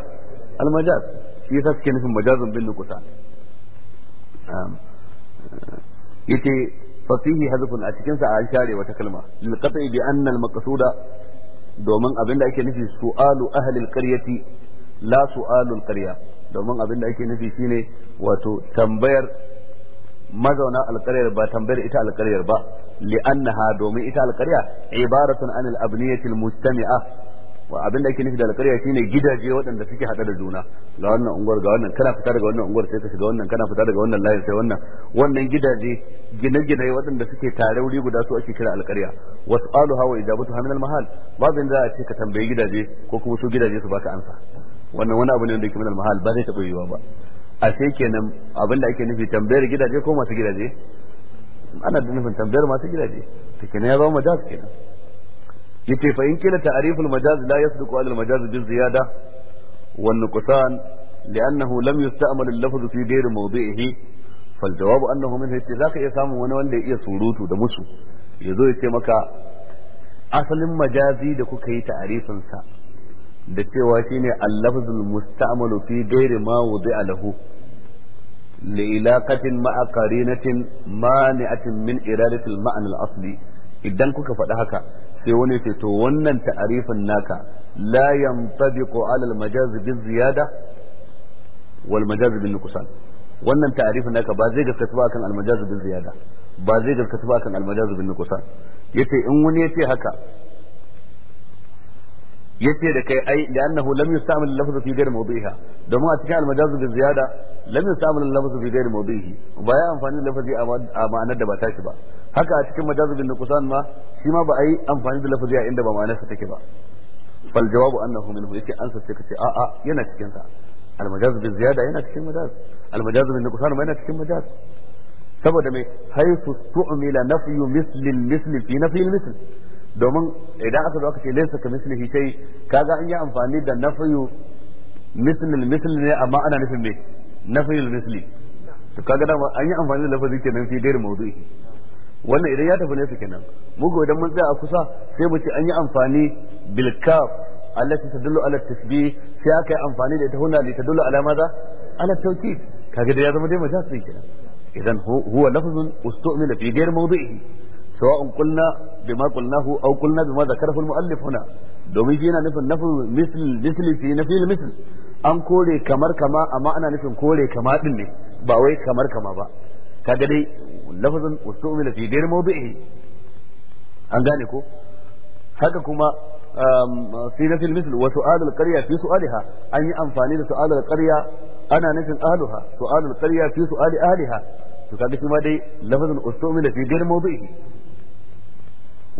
al majaz shi yasa suke nufin majazun bil nuqsan eh, yace Fasihi fihi hazfun a cikin sa an share wata kalma lil qat'i bi anna al domin abinda ake nufi su'alu ahli al qaryati la su'alu al domin abinda ake nufi shine wato tambayar mazauna alƙaryar ba tambayar ita alƙaryar ba li'annaha domin ita alƙarya ibaratun anil abniyatil abin da ake nufi da alƙarya shine gidaje waɗanda suke haɗa da juna ga wannan unguwar ga wannan kana fita daga wannan unguwar sai ka shiga wannan kana fita daga wannan layin sai wannan wannan gidaje gine-gine waɗanda suke tare wuri guda su ake kira alƙarya was'alu hawa ijabatu hamil mahal babu inda a ce ka tambayi gidaje ko kuma su gidaje su baka ansa wannan wani abu ne da yake min mahal ba zai taɓa yiwuwa ba a sai kenan abin da ake nufi tambayar gidaje ko masu gidaje ana da nufin tambayar masu gidaje ta kenan ya zama majaz kenan yace fa in kila ta'riful majaz majazi yasduqu al majaz bil ziyada wan nuqsan li'annahu lam yusta'mal al lafz fi ghairi mawdi'ihi fal jawab annahu min yace zaka iya samun wani wanda ya iya surutu da musu ya zo ya ce maka asalin majazi da kuka yi ta'arifin sa da cewa shine al lafz al musta'mal fi ghairi ma wudi'a lahu li'ilaqatin ma'a qarinatin mani'atin min iradati al ma'na al asli idan kuka faɗi haka sai wani ce to wannan ta'arifin naka la yantabiqu ala al-majaz bil ziyada wal majaz bil nuqsan wannan ta'arifin naka ba zai gaskata ba kan al-majaz bil ziyada ba zai gaskata ba kan al-majaz bil nuqsan yace in wani yace haka yace da kai ai da li'annahu lam yustamil lafzu fi ghairi mawdi'iha domin a cikin al-majaz bil ziyada lam yustamil lafzu fi ghairi mawdi'ihi ba ya amfani da lafazi a ma'anar da ba tashi ba haka a cikin majazib bin nuqsan ma shi ma ba a yi amfani da lafazi a inda ba ma'anar ma'anarsa take ba fal jawabu annahu minhu yace ansa sace ka ce a'a yana cikin sa al majaz bin ziyada yana cikin majaz al majaz bin kusan ma yana cikin majaz saboda mai haisu tu'mila nafyu misli misli fi nafyi misl domin idan aka zo aka ce laysa ka mislihi shay kaga an yi amfani da nafyu misli misli ne amma ana nufin me nafyu misli to kaga dama an yi amfani da lafazi kenan fi gairin mawdu'i wannan idan ya tafi nesa kenan mu idan mun tsaya a kusa sai mu ce an yi amfani bil kaf allati tadullu ala sai aka yi amfani da ita huna li tadullu ala madha ala tawkid da ya zama dai majasi kenan idan huwa lafzun ustu'mila fi ghairi mawdi'ihi سواء قلنا بما قلناه او قلنا بما ذكره المؤلف هنا domin shi yana nufin nafin misl misli fi nafi misl an kore kamar kama amma ana nufin kore kama din ne ba wai kamar kama ba kaga dai lafazin ustumila fi dai mawdi'i an gane ko haka kuma fi um, nafil misl wa su'alul qarya fi su'aliha an yi amfani da su'alul qarya ana nufin ahluha su'alul qarya fi su'ali ahliha to kaga shi ma dai lafazin ustumila fi dai mawdi'i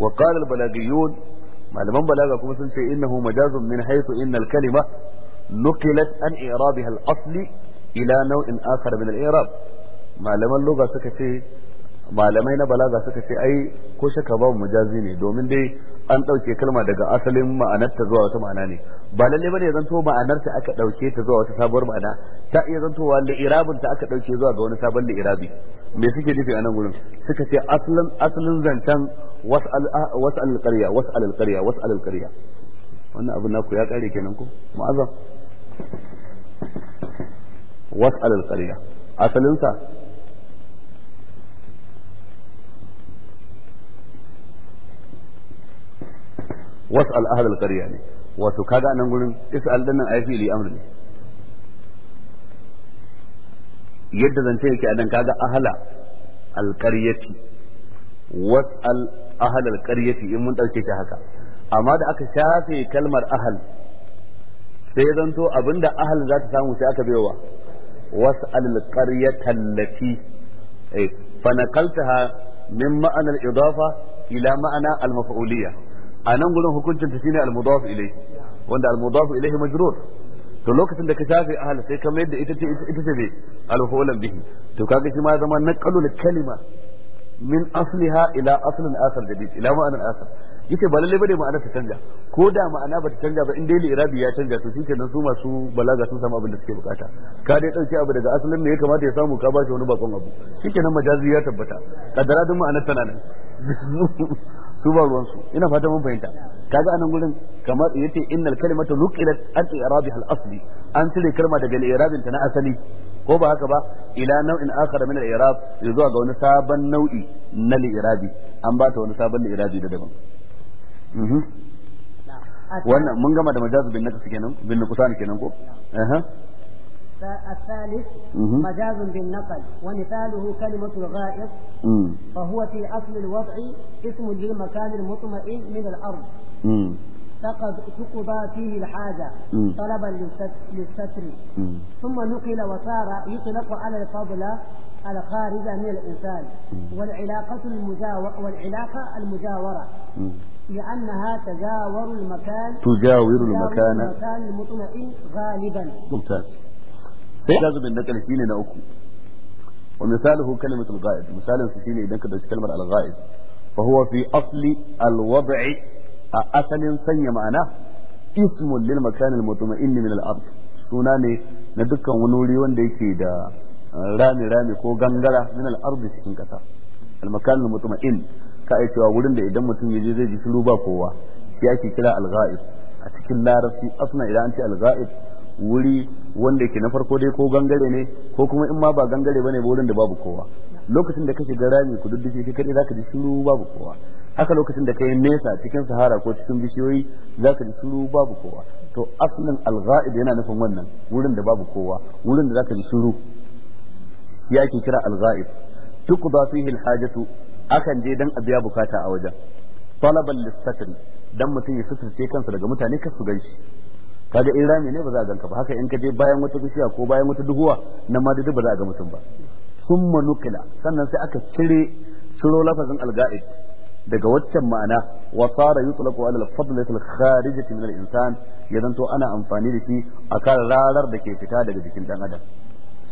wa qala al balagiyun malaman balaga kuma sun ce innahu majazun min haythu innal kalima nuqilat an i'rabiha al asli ila naw'in akhar min al i'rab malaman loga suka ce malamai na balaga suka ce ai ko shaka ba mujazi ne domin dai an ɗauke kalma daga asalin ma'anarta zuwa wata ma'ana ne ba lalle bane to ma'anarta aka ɗauke ta zuwa wata sabuwar ma'ana ta iya zan zantowa li'irabin ta aka ɗauke zuwa ga wani sabon li'irabi me suke nufi a nan gurin suka ce asalin asalin zancen was'al al-qarya was'al al was'al wannan abin naku ya kare kenan ko mu'azzam was'al al-qarya asalin sa was'al ahlal qarya ne wato kaga nan gurin is'al din nan ayfi li amr ne yadda zance yake anan kaga ahla alqaryati was'al ahla alqaryati in mun dauke shi haka amma da aka shafe kalmar ahal sai zanto abinda ahal za ta samu sai aka baiwa was'al alqaryata allati eh, fa naqaltaha min ma'anar idafa ila ma'ana al-maf'uliyya a nan gurin hukuncin ta shine al-mudaf ilayhi wanda al-mudaf ilayhi majrur to lokacin da ka shafe ahal sai ka mayar da ita ce ita ce me al-fulan bihi to kaga shi ma zama naqalu kalima min asliha ila aslin asar jadid ila ma'anan asar yace ba lalle bane ma'ana ta canja ko da ma'ana ba ta canja ba in dai irabi ya canja to shikenan su masu balaga sun samu abin da suke bukata ka dai dauki abu daga asalin ne ya kamata ya samu ka ba shi wani bakon abu shikenan majazi ya tabbata kadara duk ma'anar tana nan su ba ruwansu ina fata mun fahimta kaga anan gurin kamar yace innal kalimatu nuqilat an i'rabiha al-asli an cire kalma daga al-i'rabin ta na asali ko ba haka ba ila nau'in akhar min al-i'rab zuwa ga wani sabon nau'i na al-i'rabi an ba ta wani sabon al-i'rabi da daban mhm. wannan mun gama da majaz bin nakas kenan bin nukusan kenan ko eh الثالث مجاز بالنقل ومثاله كلمة الغائط فهو في أصل الوضع اسم للمكان المطمئن من الأرض فقد تقضى فيه الحاجة طلبا للستر ثم نقل وصار يطلق على الفضل الخارجة من الإنسان والعلاقة المجاورة والعلاقة المجاورة لأنها تجاور المكان تجاور المكان المكان المطمئن غالبا ممتاز sai jazubin nakal ne na uku wa misaluhu kalimatul ghaib misalin su shine idan ka dauki kalmar al ghaib fa huwa fi asli al wad'i a asalin sanya ma'ana ismun lil makan al mutma'in min al ard suna ne na dukkan wani wuri wanda yake da uh, rami rami ko gangara min al ard cikin kasa al makan al mutma'in ka aikewa wurin da idan mutum ya je zai ji shiru ba kowa shi ake kira al ghaib a cikin larabci asna idan an ce al ghaib wuri wanda yake na farko dai ko gangare ne ko kuma in ma ba gangare bane ba wurin da babu kowa lokacin da ka shiga rami ku duddufe kai kadai zaka ji shiru babu kowa haka lokacin da ka yi nesa cikin sahara ko cikin bishiyoyi zaka ji shiru babu kowa to aslan al-ghaib yana nufin wannan wurin da babu kowa wurin da zaka ji shiru shi ke kira al-ghaib tuqda fihi al-hajatu akan je dan abiya bukata a wajen talaban lis dan mutum ya suturce kansa daga mutane kasu ganshi kaga in rami ne ba za a ganka ba haka in ka je bayan wata bishiya ko bayan wata duhuwa na ma duk ba za a ga mutum ba summa nukila sannan sai aka cire ciro lafazin alga'id daga waccan ma'ana wa sara yutlaqu ala al fadl al-kharijati min al-insan ya zanto ana amfani da shi akan rarar da ke fita daga jikin dan adam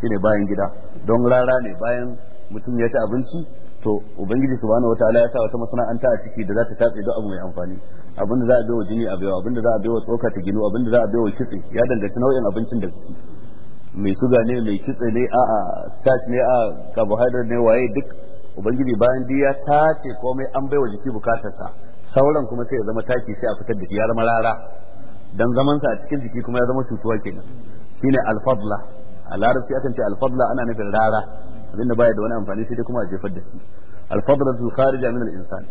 shine bayan gida don rara ne bayan mutum ya ci abinci to ubangiji subhanahu wataala ya sa wata masana'anta a ciki da za ta tatse duk abu mai amfani abin da za a biyo jini a baiwa abin da za a baiwa tsoka ta gino abin da za a baiwa kitse ya danganci nau'in abincin da mai suga ne mai kitse ne a a starch ne a carbohydrate ne waye duk ubangiji bayan duk ya tace komai an baiwa jiki bukatarsa sauran kuma sai ya zama taki sai a fitar da shi ya zama rara dan zaman sa a cikin jiki kuma ya zama cutuwa kenan shine alfadla a larabci akan ce alfadla ana nufin rara abin da baya da wani amfani sai dai kuma a jefar da shi alfadlatul kharija min al-insan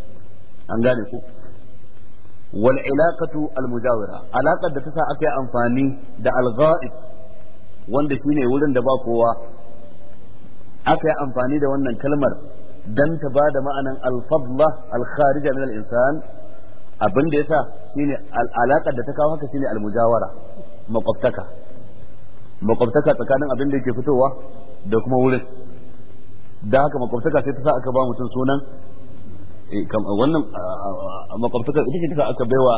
an gane ku. wal ilaqatu al mujawira da ta sa aka yi amfani da al ghaib wanda shine wurin da ba kowa aka yi amfani da wannan kalmar dan ta ba da ma'anan al fadla al kharija min al insan abin da yasa shine alaqar da ta kawo haka shine al mujawara tsakanin fitowa da kuma wurin da haka makwabtaka sai ta sa aka ba mutum sunan wannan makwabtakar ita ce ta aka baiwa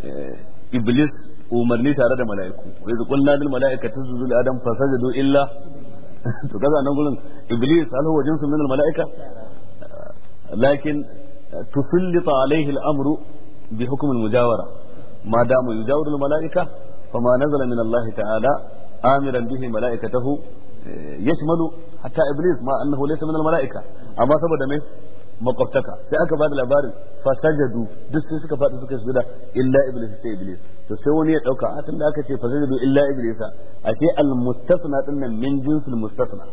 e, iblis umarni tare da mala'iku wa iz qulna lil mala'ikati isjudu li adam fasajadu illa to kaza nan gurin iblis hal huwa jinsun min al mala'ika lakin tusallita alayhi al amru bi hukumin al mujawara ma dama yujawiru al mala'ika fama nazala min Allah ta'ala amiran bihi mala'ikatahu e, yashmalu hatta iblis ma annahu laysa min al mala'ika amma saboda me makwabtaka sai aka bada labarin fasajadu duk sai suka faɗi suka sujuda illa iblis sai iblis to sai wani ya dauka a ah, da aka ce fasajadu illa iblis a ce al mustasna din nan min jinsul mustasna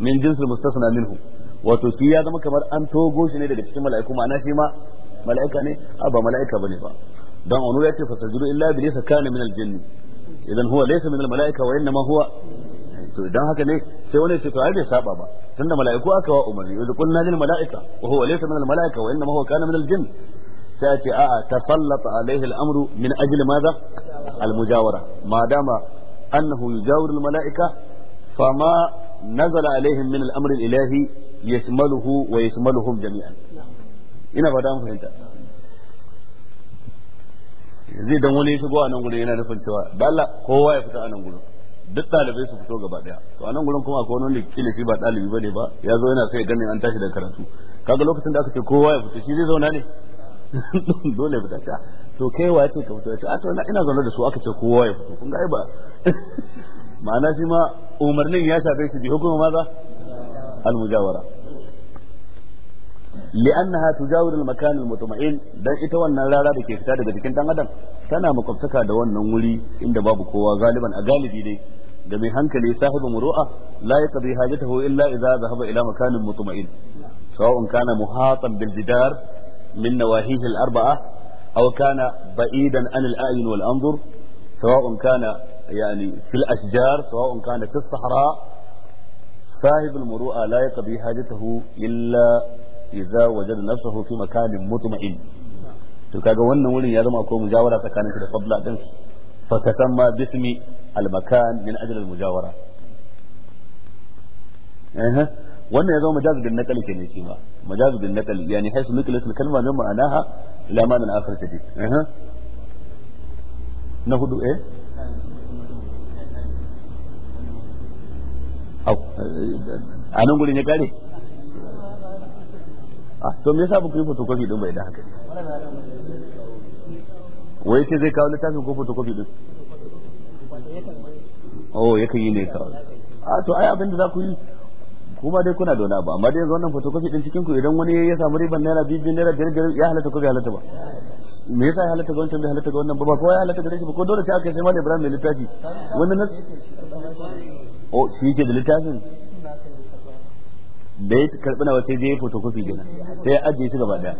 min jinsul mustasna minhu wato shi ya zama kamar an togo shi ne daga cikin mala'iku ma'ana shi ma mala'ika ne a ah, ba mala'ika bane ba dan onu ya ce fasajadu illa iblis kana min al jinni idan huwa laysa min al mala'ika wa innama huwa to idan haka ne sai wani ce to ai bai saba ba tunda mala'iku aka wa umarni yanzu kunna lil mala'ika wa huwa laysa min al mala'ika wa innama huwa kana min al jinn sai ce a'a tasallata alaihi al amru min ajli madha al mujawara ma dama annahu yujawiru al mala'ika fama nazala alaihim min al amri al ilahi yashmaluhu wa yashmaluhum jami'an ina da mun fahimta zai dan wani shigo a nan gurin yana nufin cewa da Allah kowa ya fita a nan gurin duk ɗalibai su fito gaba ɗaya to a nan gurin kuma akwai wani kila shi ba ɗalibi bane ba ya zo yana sai ganin an tashi da karatu kaga lokacin da aka ce kowa ya fito shi zai zauna ne dole ya fita ta to kai wa ce ka fito ce a to ina zaune da su aka ce kowa ya fito kun ga ba ma'ana shi ma umarnin ya shafe shi bi hukuma maza al-mujawara li'annaha tujawir mutmain dan ita wannan rara da ke fita daga jikin dan adam tana makwabtaka da wannan wuri inda babu kowa galiban a galibi dai da mai hankali sahibu muru'a la ila makanin mutma'in sawa'un arbaa aw ba'idan an al-a'yun wal صاحب المروءة لا يقضي حاجته إلا idza wajada nafsahu fi makanin mutma'in to kaga wannan wurin ya zama akwai mujawara tsakanin shi da fadla din fa kasamma bismi al makan min ajli al mujawara eh wannan ya zama majaz bin naqli kenan shi ma majaz bin naqli yani haythu nuqilat al kalma min ma'anaha ila ma'na al-akhir tadid eh na hudu eh a nan gurin ya kare ah to me yasa ba ku yi photocopy din bai da haka ne wai ce zai kawo littafin ko photocopy din oh yakan yi ne kawo a ah, to ai abinda za ku yi kuma dai kuna dona ba amma dai yanzu wannan photocopy din cikin ku idan wani ya samu riban naira biyu biyu naira biyar biyar ya halatta ko bai halatta ba me yasa ya halatta ga wancan bai halatta ga wannan ba ko ya halatta gare shi ba ko dole sai aka sai malam Ibrahim mai littafi wannan nas o oh, shi ke da littafin da ya karɓi na sai je ya fotokofi gina sai ya ajiye shi gaba daya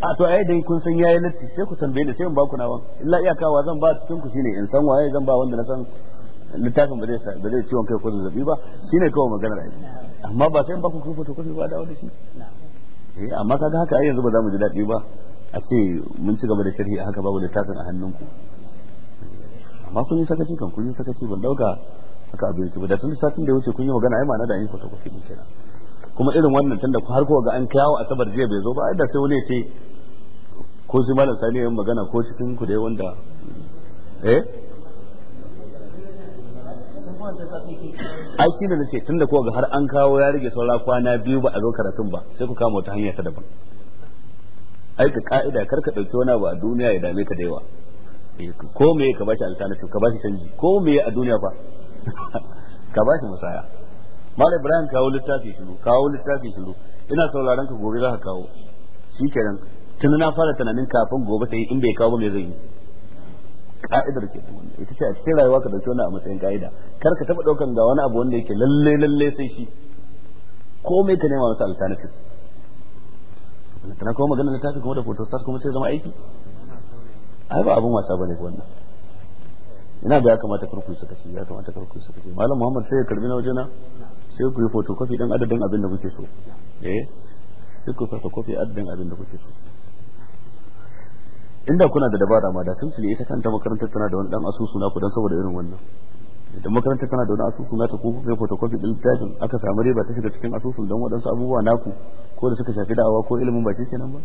a to ai dai kun san yayi latti sai ku tambaye ni sai in ba ku nawa illa iyakawa zan ba cikin ku shine in san waye zan ba wanda na san littafin ba zai ba zai ciwon kai ko zazzabi ba shine kawai maganar ai amma ba sai in ba ku kun fotokofi ba da da shi eh amma kaga haka ai yanzu ba za mu ji daɗi ba a ce mun ci gaba da sharhi haka babu littafin a hannunku amma kun yi sakaci kan kun yi sakaci ban dauka haka abin ki ba da tun satin da wuce kun yi magana ai ma'ana da yin yi fotokofi kenan kuma irin wannan tunda har ko ga an kawo asabar jiya bai zo ba ai da sai wani ce ko shi malam sani yayin magana ko cikin ku dai wanda eh ai shi ne nace tunda ko ga har an kawo ya rage saura kwana biyu ba a zo karatun ba sai ku kama wata hanya ta daban ai ka ka'ida kar ka dauki wani ba a duniya ya dame ka da yawa eh, ko me ka bashi alternative ka bashi canji ko me a duniya fa ka bashi musaya mal ibrahim kawo littafi shiru kawo littafi shiru ina sauraron ka gobe za ka kawo shi shikenan tun na fara tunanin kafin gobe ta yi in bai kawo ba mai zai yi ka'idar ke wannan ita ce a cikin rayuwa ka dauki wannan a matsayin ka'ida kar ka taba daukan ga wani abu wanda yake lalle lalle sai shi komai ka nema masa alternative tana kawo magana littafi kuma da photostat kuma sai zama aiki ai ba abun wasa bane wannan ina da ya kamata karku ka ce ya kamata karku ka ce malam muhammad sai ya karbi na wajena sai ku yi photocopy ɗan adadin abin da kuke so eh sai ku photocopy adadin abin da kuke so inda kuna da dabara ma da sun ne ita kanta makarantar tana da wani ɗan asusu na ku saboda irin wannan idan makarantar tana da wani asusu na ta ku kuka photocopy ɗin littafin aka samu riba ta shiga cikin asusun don waɗansu abubuwa naku ko da suka shafi da'awa ko ilimin ba kenan ba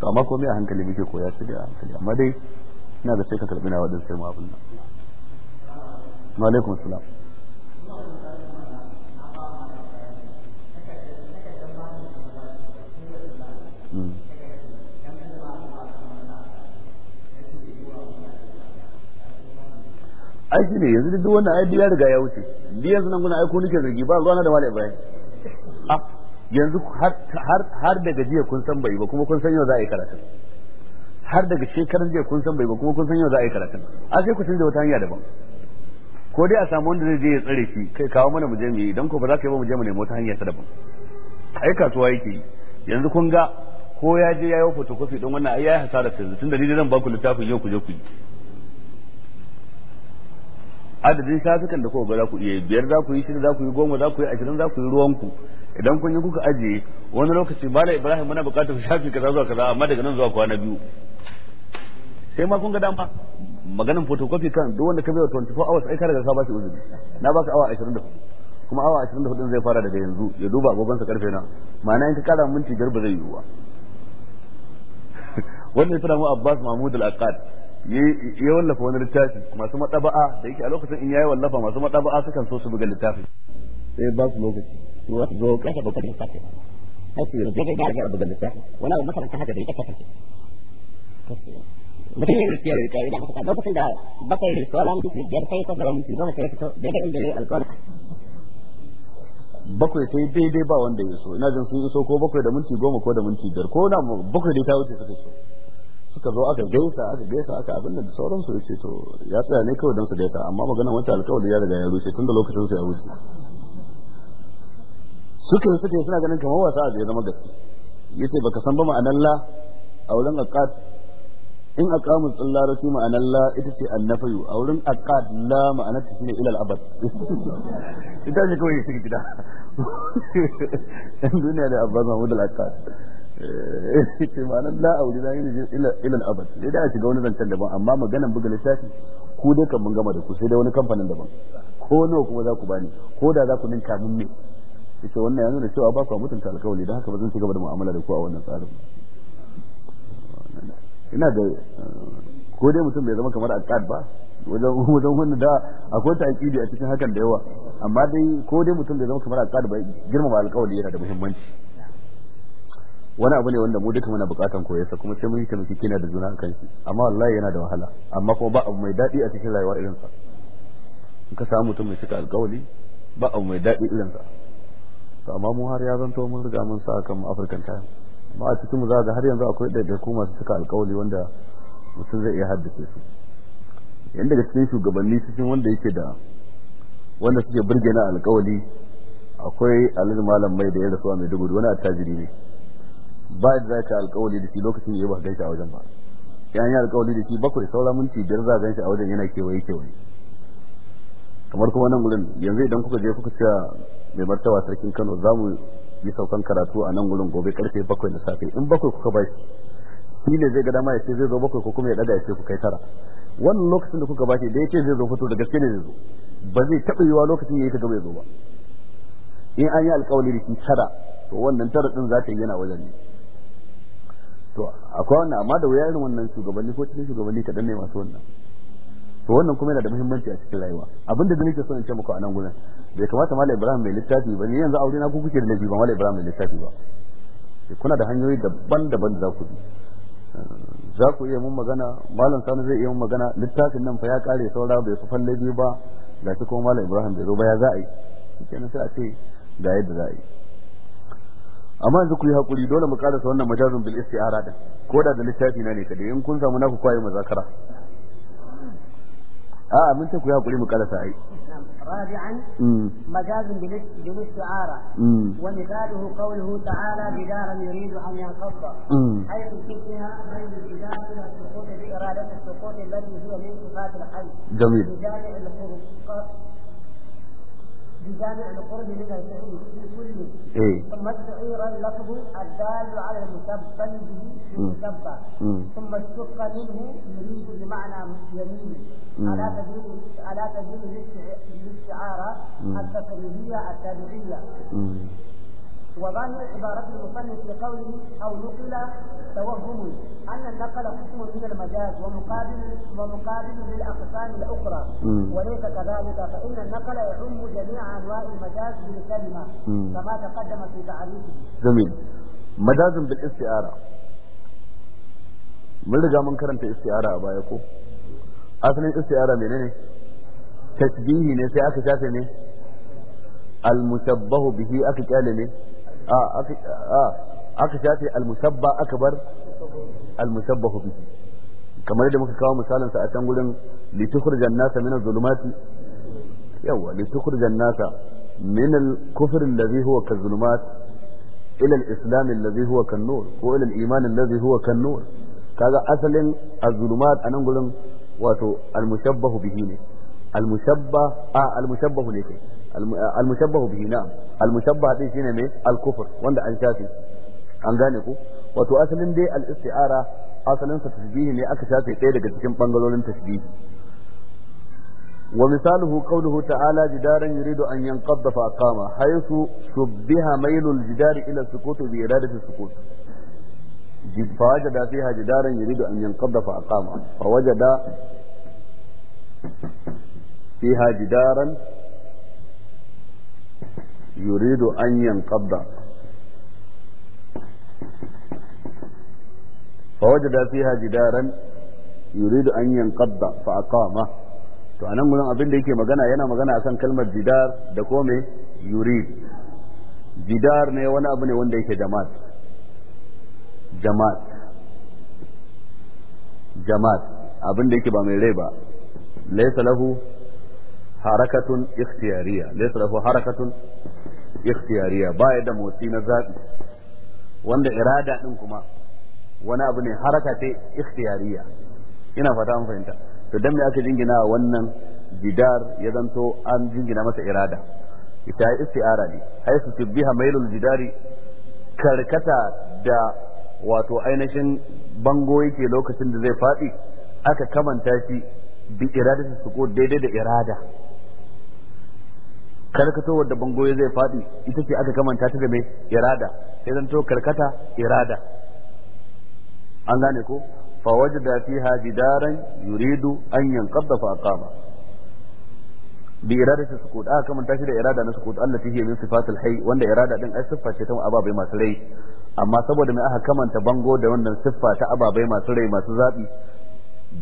to amma komai a hankali muke koya su da hankali amma dai ina da sai ka karbi na waɗansu sai ma abin nan wa alaikum salam ai shi ne yanzu duk wannan ai ya riga ya wuce ni yanzu nan guna ai ko nake zargi ba na da wani ibrahim ah, yanzu har daga jiya kun san bai ba kuma kun san yau za a yi karatun har daga shekaran jiya kun san bai ba kuma kun san yau za a yi karatun a sai ku da wata hanya daban ko dai a samu wanda zai je ya tsare ki kai kawo mana mu je mu yi idan ko ba za ka yi ba mu je mu nemi wata hanya ta daban ai kasuwa yake yi yanzu kun ga ko ya je ya yi photocopy don wannan ya yi hasara sai tun da ni zan ba ku littafin yau ku je ku yi adadin shafikan da kowa za ku iya biyar za ku yi shida za ku yi goma za ku yi ashirin za ku yi ruwanku idan kun yi kuka ajiye wani lokaci bala ibrahim muna buƙatar shafi kaza zuwa kaza amma daga nan zuwa kwana biyu sai ma kun ga dama maganin fotokofi kan duk wanda ka bai 24 hours ai ka riga ka ba shi uzuri na baka awa 24 kuma awa 24 zai fara daga yanzu ya duba agogonsa karfe na ma'ana in ka kara minti biyar ba zai yiwuwa wannan ya mu Abbas Mahmud al-Aqad ya wallafa wani littafi masu madaba'a da yake a lokacin in yayi wallafa masu madaba'a sukan so su buga littafi sai ba su lokaci ruwa su zo buga kace da buga haka da kace mutum da lokacin da bakai da su biyar sai ta zama mutum goma bakwai sai daidai ba wanda ya so ina jin sun iso ko bakwai da minti goma ko da minti biyar ko na bakwai da ta wuce suka so suka zo aka gaisa aka gaisa aka abin da sauransu ya ce to ya tsaya ne kawai don su gaisa amma magana wata alkawari ya riga ya rushe tun da lokacin su ya wuce suka yi suka yi suna ganin kamar wasa da ya zama gaske ya ce baka san ba ma'anar la a wurin aqat in aqamu tsallarati ma'anar la ita ce annafayu a wurin aqat la ma'anar ta shine ilal abad ita ne kawai shi gida duniya da abba mahmud al-aqat ke ma nan la auri na yin ilal abad sai da a shiga wani zancen daban amma maganan buga littafi ko dai kan mun gama da ku sai dai wani kamfanin daban ko nawa kuma za ku bani ko da za ku ninka min me yace wannan ya nuna cewa ba ku mutunta alkawari don haka ba zan ci gaba da mu'amala da ku a wannan tsarin ina da eh, ko dai mutum bai zama kamar alƙad ba wajen wajen wannan da akwai ta ta'kidi a cikin hakan da yawa amma dai ko dai mutum bai zama kamar alƙad ba girmama alkawari yana da muhimmanci wani abu ne wanda mu duka muna bukatan koyarsa kuma sai mun yi kamar kina da juna kan shi amma wallahi yana da wahala amma kuma ba abu mai daɗi a cikin rayuwa irin sa in ka samu mutum mai cika alƙawali ba abu mai daɗi irin sa to amma mu har ya zanto mun riga mun sa kan African time amma a cikin mu za ga har yanzu akwai ɗaiɗaiku masu cika alƙawali wanda mutum zai iya haddace su yan daga cikin shugabanni cikin wanda yake da wanda suke burge na alƙawali akwai alil malam mai da ya rasuwa mai dubu wani attajiri ne ba da za ka alƙawari da shi lokacin da ya ba gaisa a wajen ba yayin yi alƙawari da shi bakwai saura minti biyar za a gaisa a wajen yana kewaye kewaye kamar kuma nan gurin yanzu idan kuka je kuka cewa mai martaba sarkin Kano za mu yi saukan karatu a nan gurin gobe karfe bakwai na safe in bakwai kuka ba shi shi ne zai ga dama ya ce zai zo bakwai ko kuma ya daga ya ce ku kai tara wannan lokacin da kuka ba shi da ya ce zai zo fito da gaske ne zai zo ba zai taɓa yiwa lokacin ya yi ta gaba ya zo ba in an yi alkawali da shi tara to wannan tara din za ta yi yana wajen ne to akwai wannan amma da wuya wannan shugabanni ko cikin shugabanni kaɗan ne masu wannan to wannan kuma yana da muhimmanci a cikin rayuwa abinda da nake son in ce muku a nan gudan bai kamata mala ibrahim mai littafi ba ni yanzu aure na ku kuke da laifi ba mala ibrahim mai littafi ba eh, kuna da hanyoyi daban-daban da za ku bi eh, za ku iya mun magana malam sanu zai iya mun magana littafin nan fa ya kare saura bai ku falle ba gashi kuma mala ibrahim bai zo ba ya za a yi shikenan sai a ce ga yadda za a yi amma yanzu ku yi hakuri dole mu karasa wannan majazin bil istiara din ko da da littafi na ne kade in kun samu naku kwaye mazakara. a mun ce ku yi hakuri mu karasa ai rabi'an mm. majazin bil istiara mm. wa misaluhu qawluhu ta'ala bidaran yuridu an yanqadha mm. ay tukina bayn bidaran wa suqut bi iradatu suqut alladhi huwa min sifat al-qalb jamil بجامع القرب من الفعل في كل ثم استعير اللفظ الدال على المسبب به في المسبب ثم اشتق منه يريد بمعنى يمين على سبيل على سبيل الاستعاره التقريبيه التابعيه وظاهر عبارة المصنف في قوله أو نقل توهم أن النقل قسم من المجاز ومقابل ومقابل للأقسام الأخرى وليس كذلك فإن النقل يعم جميع أنواع المجاز بالكلمة كما تقدم في تعريفه. جميل. مجاز بالاستعارة. mun riga mun karanta istiara a baya ko asalin istiara menene tasbihi ne sai aka shafe ne al mushabbahu bihi aka kyale ne a aka shafe al aka bar al-musabbahu kamar da muka kawo misalin a can gudun litukhrijan nasa min az-zulumati yawa litukhrijan nasa min al-kufr alladhi huwa kaz-zulumat ila al-islam alladhi huwa kan-nur ko ila imanin iman alladhi huwa kan-nur kaga asalin az a nan gudun wato al-mushabbahu ne al a al ne kai al-mushabbahu me al wanda an shafe an gane ku wato asalin dai al-isti'ara asalin sa ne aka shafe ɗaya daga cikin bangalolin tasbihi ومثاله قوله تعالى جدارا يريد أن ينقض فأقامه حيث شبه ميل الجدار إلى السكوت بإرادة السكوت فوجد فيها جدارا يريد أن ينقض فأقامه فوجد فيها جدارا yuridu an yanqadda فوجد فيها جدارا يريد أن ينقض فأقامه to anan gudun abin da yake magana yana magana a kan kalmar jidar da kome yurid jidar ne wani abu ne wanda yake jama'at jama'at jama'at abin da yake ba mai rai ba laysa lahu harakatun ikhtiyariya laysa lahu harakatun ikhtiyariya baya da motsi na zabi wanda irada din kuma wani abu ne haraka ce ikhtiyariya ina fata an fahimta to dan aka jingina wannan jidar ya zanto an jingina masa irada ita istiara ne haisu tubbiha mailul jidari karkata da wato ainihin bango yake lokacin da zai faɗi aka kamanta shi bi iradatu suqut daidai da irada Karkato wadda bango zai faɗi ita ce aka kamanta ta da mai irada sai zan to karkata irada an gane ko fa wajada fiha bidaran yuridu an yanqadda fa aqama bi iradati sukut aka ta shi da irada na sukut allati hiya min sifatil hayy wanda irada din ai siffa ce ta ababai masu rai amma saboda mai aka kamanta bango da wannan siffa ta ababai masu rai masu zabi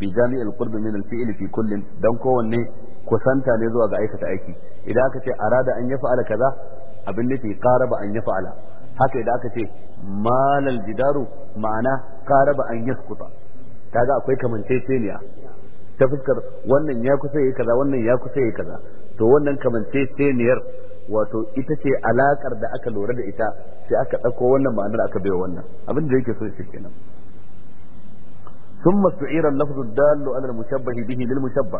bi jami'il qurb min al-fi'l fi kullin dan kowanne kusanta ne zuwa ga aikata aiki idan aka ce arada an ya fa'ala kaza abin nufi qaraba an ya fa'ala haka idan aka ce malal jidaru ma'ana qaraba an yaskuta kaga akwai kamanceceniya ta fuskar wannan ya kusa yi kaza wannan ya kusa yi kaza to wannan kamanceceniyar wato ita ce alakar da aka lura da ita sai aka ɗauko wannan ma'anar aka bai wannan abin da yake so shi kenan ثم استعير اللفظ الدال على المشبه به للمشبه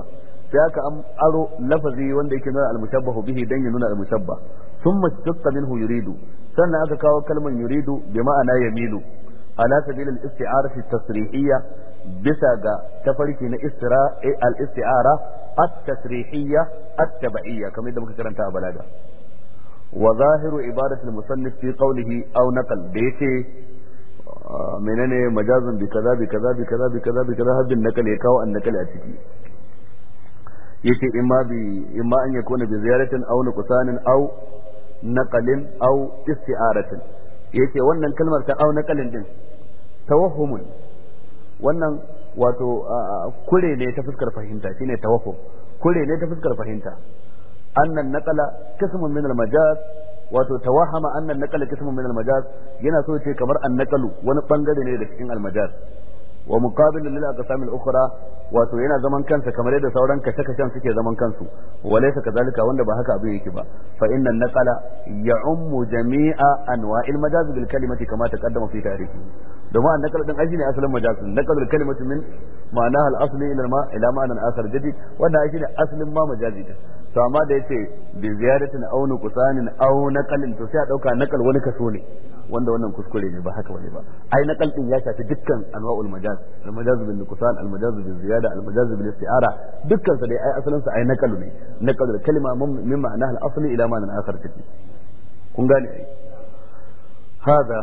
sai aka an aro lafazi wanda yake nuna al-mushabbahu bihi dan ya nuna al-mushabba thumma istaqta minhu yuridu sannan aka kawo kalmar yuridu bi ma'ana yamilu ala sabil al-isti'arati at-tasrihiyya bisa ga tafarki na istira eh, al-isti'ara at-tasrihiyya at-tabi'iyya kamar yadda muka karanta a balaga wa zahiru ibadat al-musannif fi qawlihi aw naqal da yace ah, menene majazun bi kaza bi kaza bi kaza bi kaza bi kaza har bin ya kawo an nakal a ciki yace imma bi ma an yakuna bi ziyaratin aw nuqsanin aw naqalin aw isti'aratin yace wannan kalmar ta aw naqalin din tawahhumun wannan wato kure ne ta fuskar fahimta shine tawahhum kure ne ta fuskar fahimta annan naqala qismun min al-majaz wato tawahama annan naqala qismun min al-majaz yana so ce kamar an naqalu wani bangare ne da cikin al-majaz wa muqabilun lil aqsam al ukhra wato yana zaman kansa kamar yadda sauran kashe-kashen suke zaman kansu wa laysa kadhalika wanda ba haka abin yake ba fa inna an-naqala ya'ummu jami'a anwa'il majaz bil kalimati kama taqaddama fi tarihi domin an-naqal din aji ne asalin majaz naqal al kalimati min ma'anaha al-asli ila ma ila ma'ana al-akhar jadid wanda aji ne asalin ma majazi din to amma da yace bi ziyadatin aw nuqsanin aw naqalin to sai a dauka naqal wani kaso ne wanda wannan kuskure ne ba haka wani ba ai na kalbin ya shafi dukkan anwa'ul majaz al majaz bil nuqsan al majaz bil ziyada al majaz bil isti'ara dukkan sa dai ai asalin sa ai naqalu ne naqalu da kalma min ma'ana al asli ila ma'ana al akhar take kun gane ai hada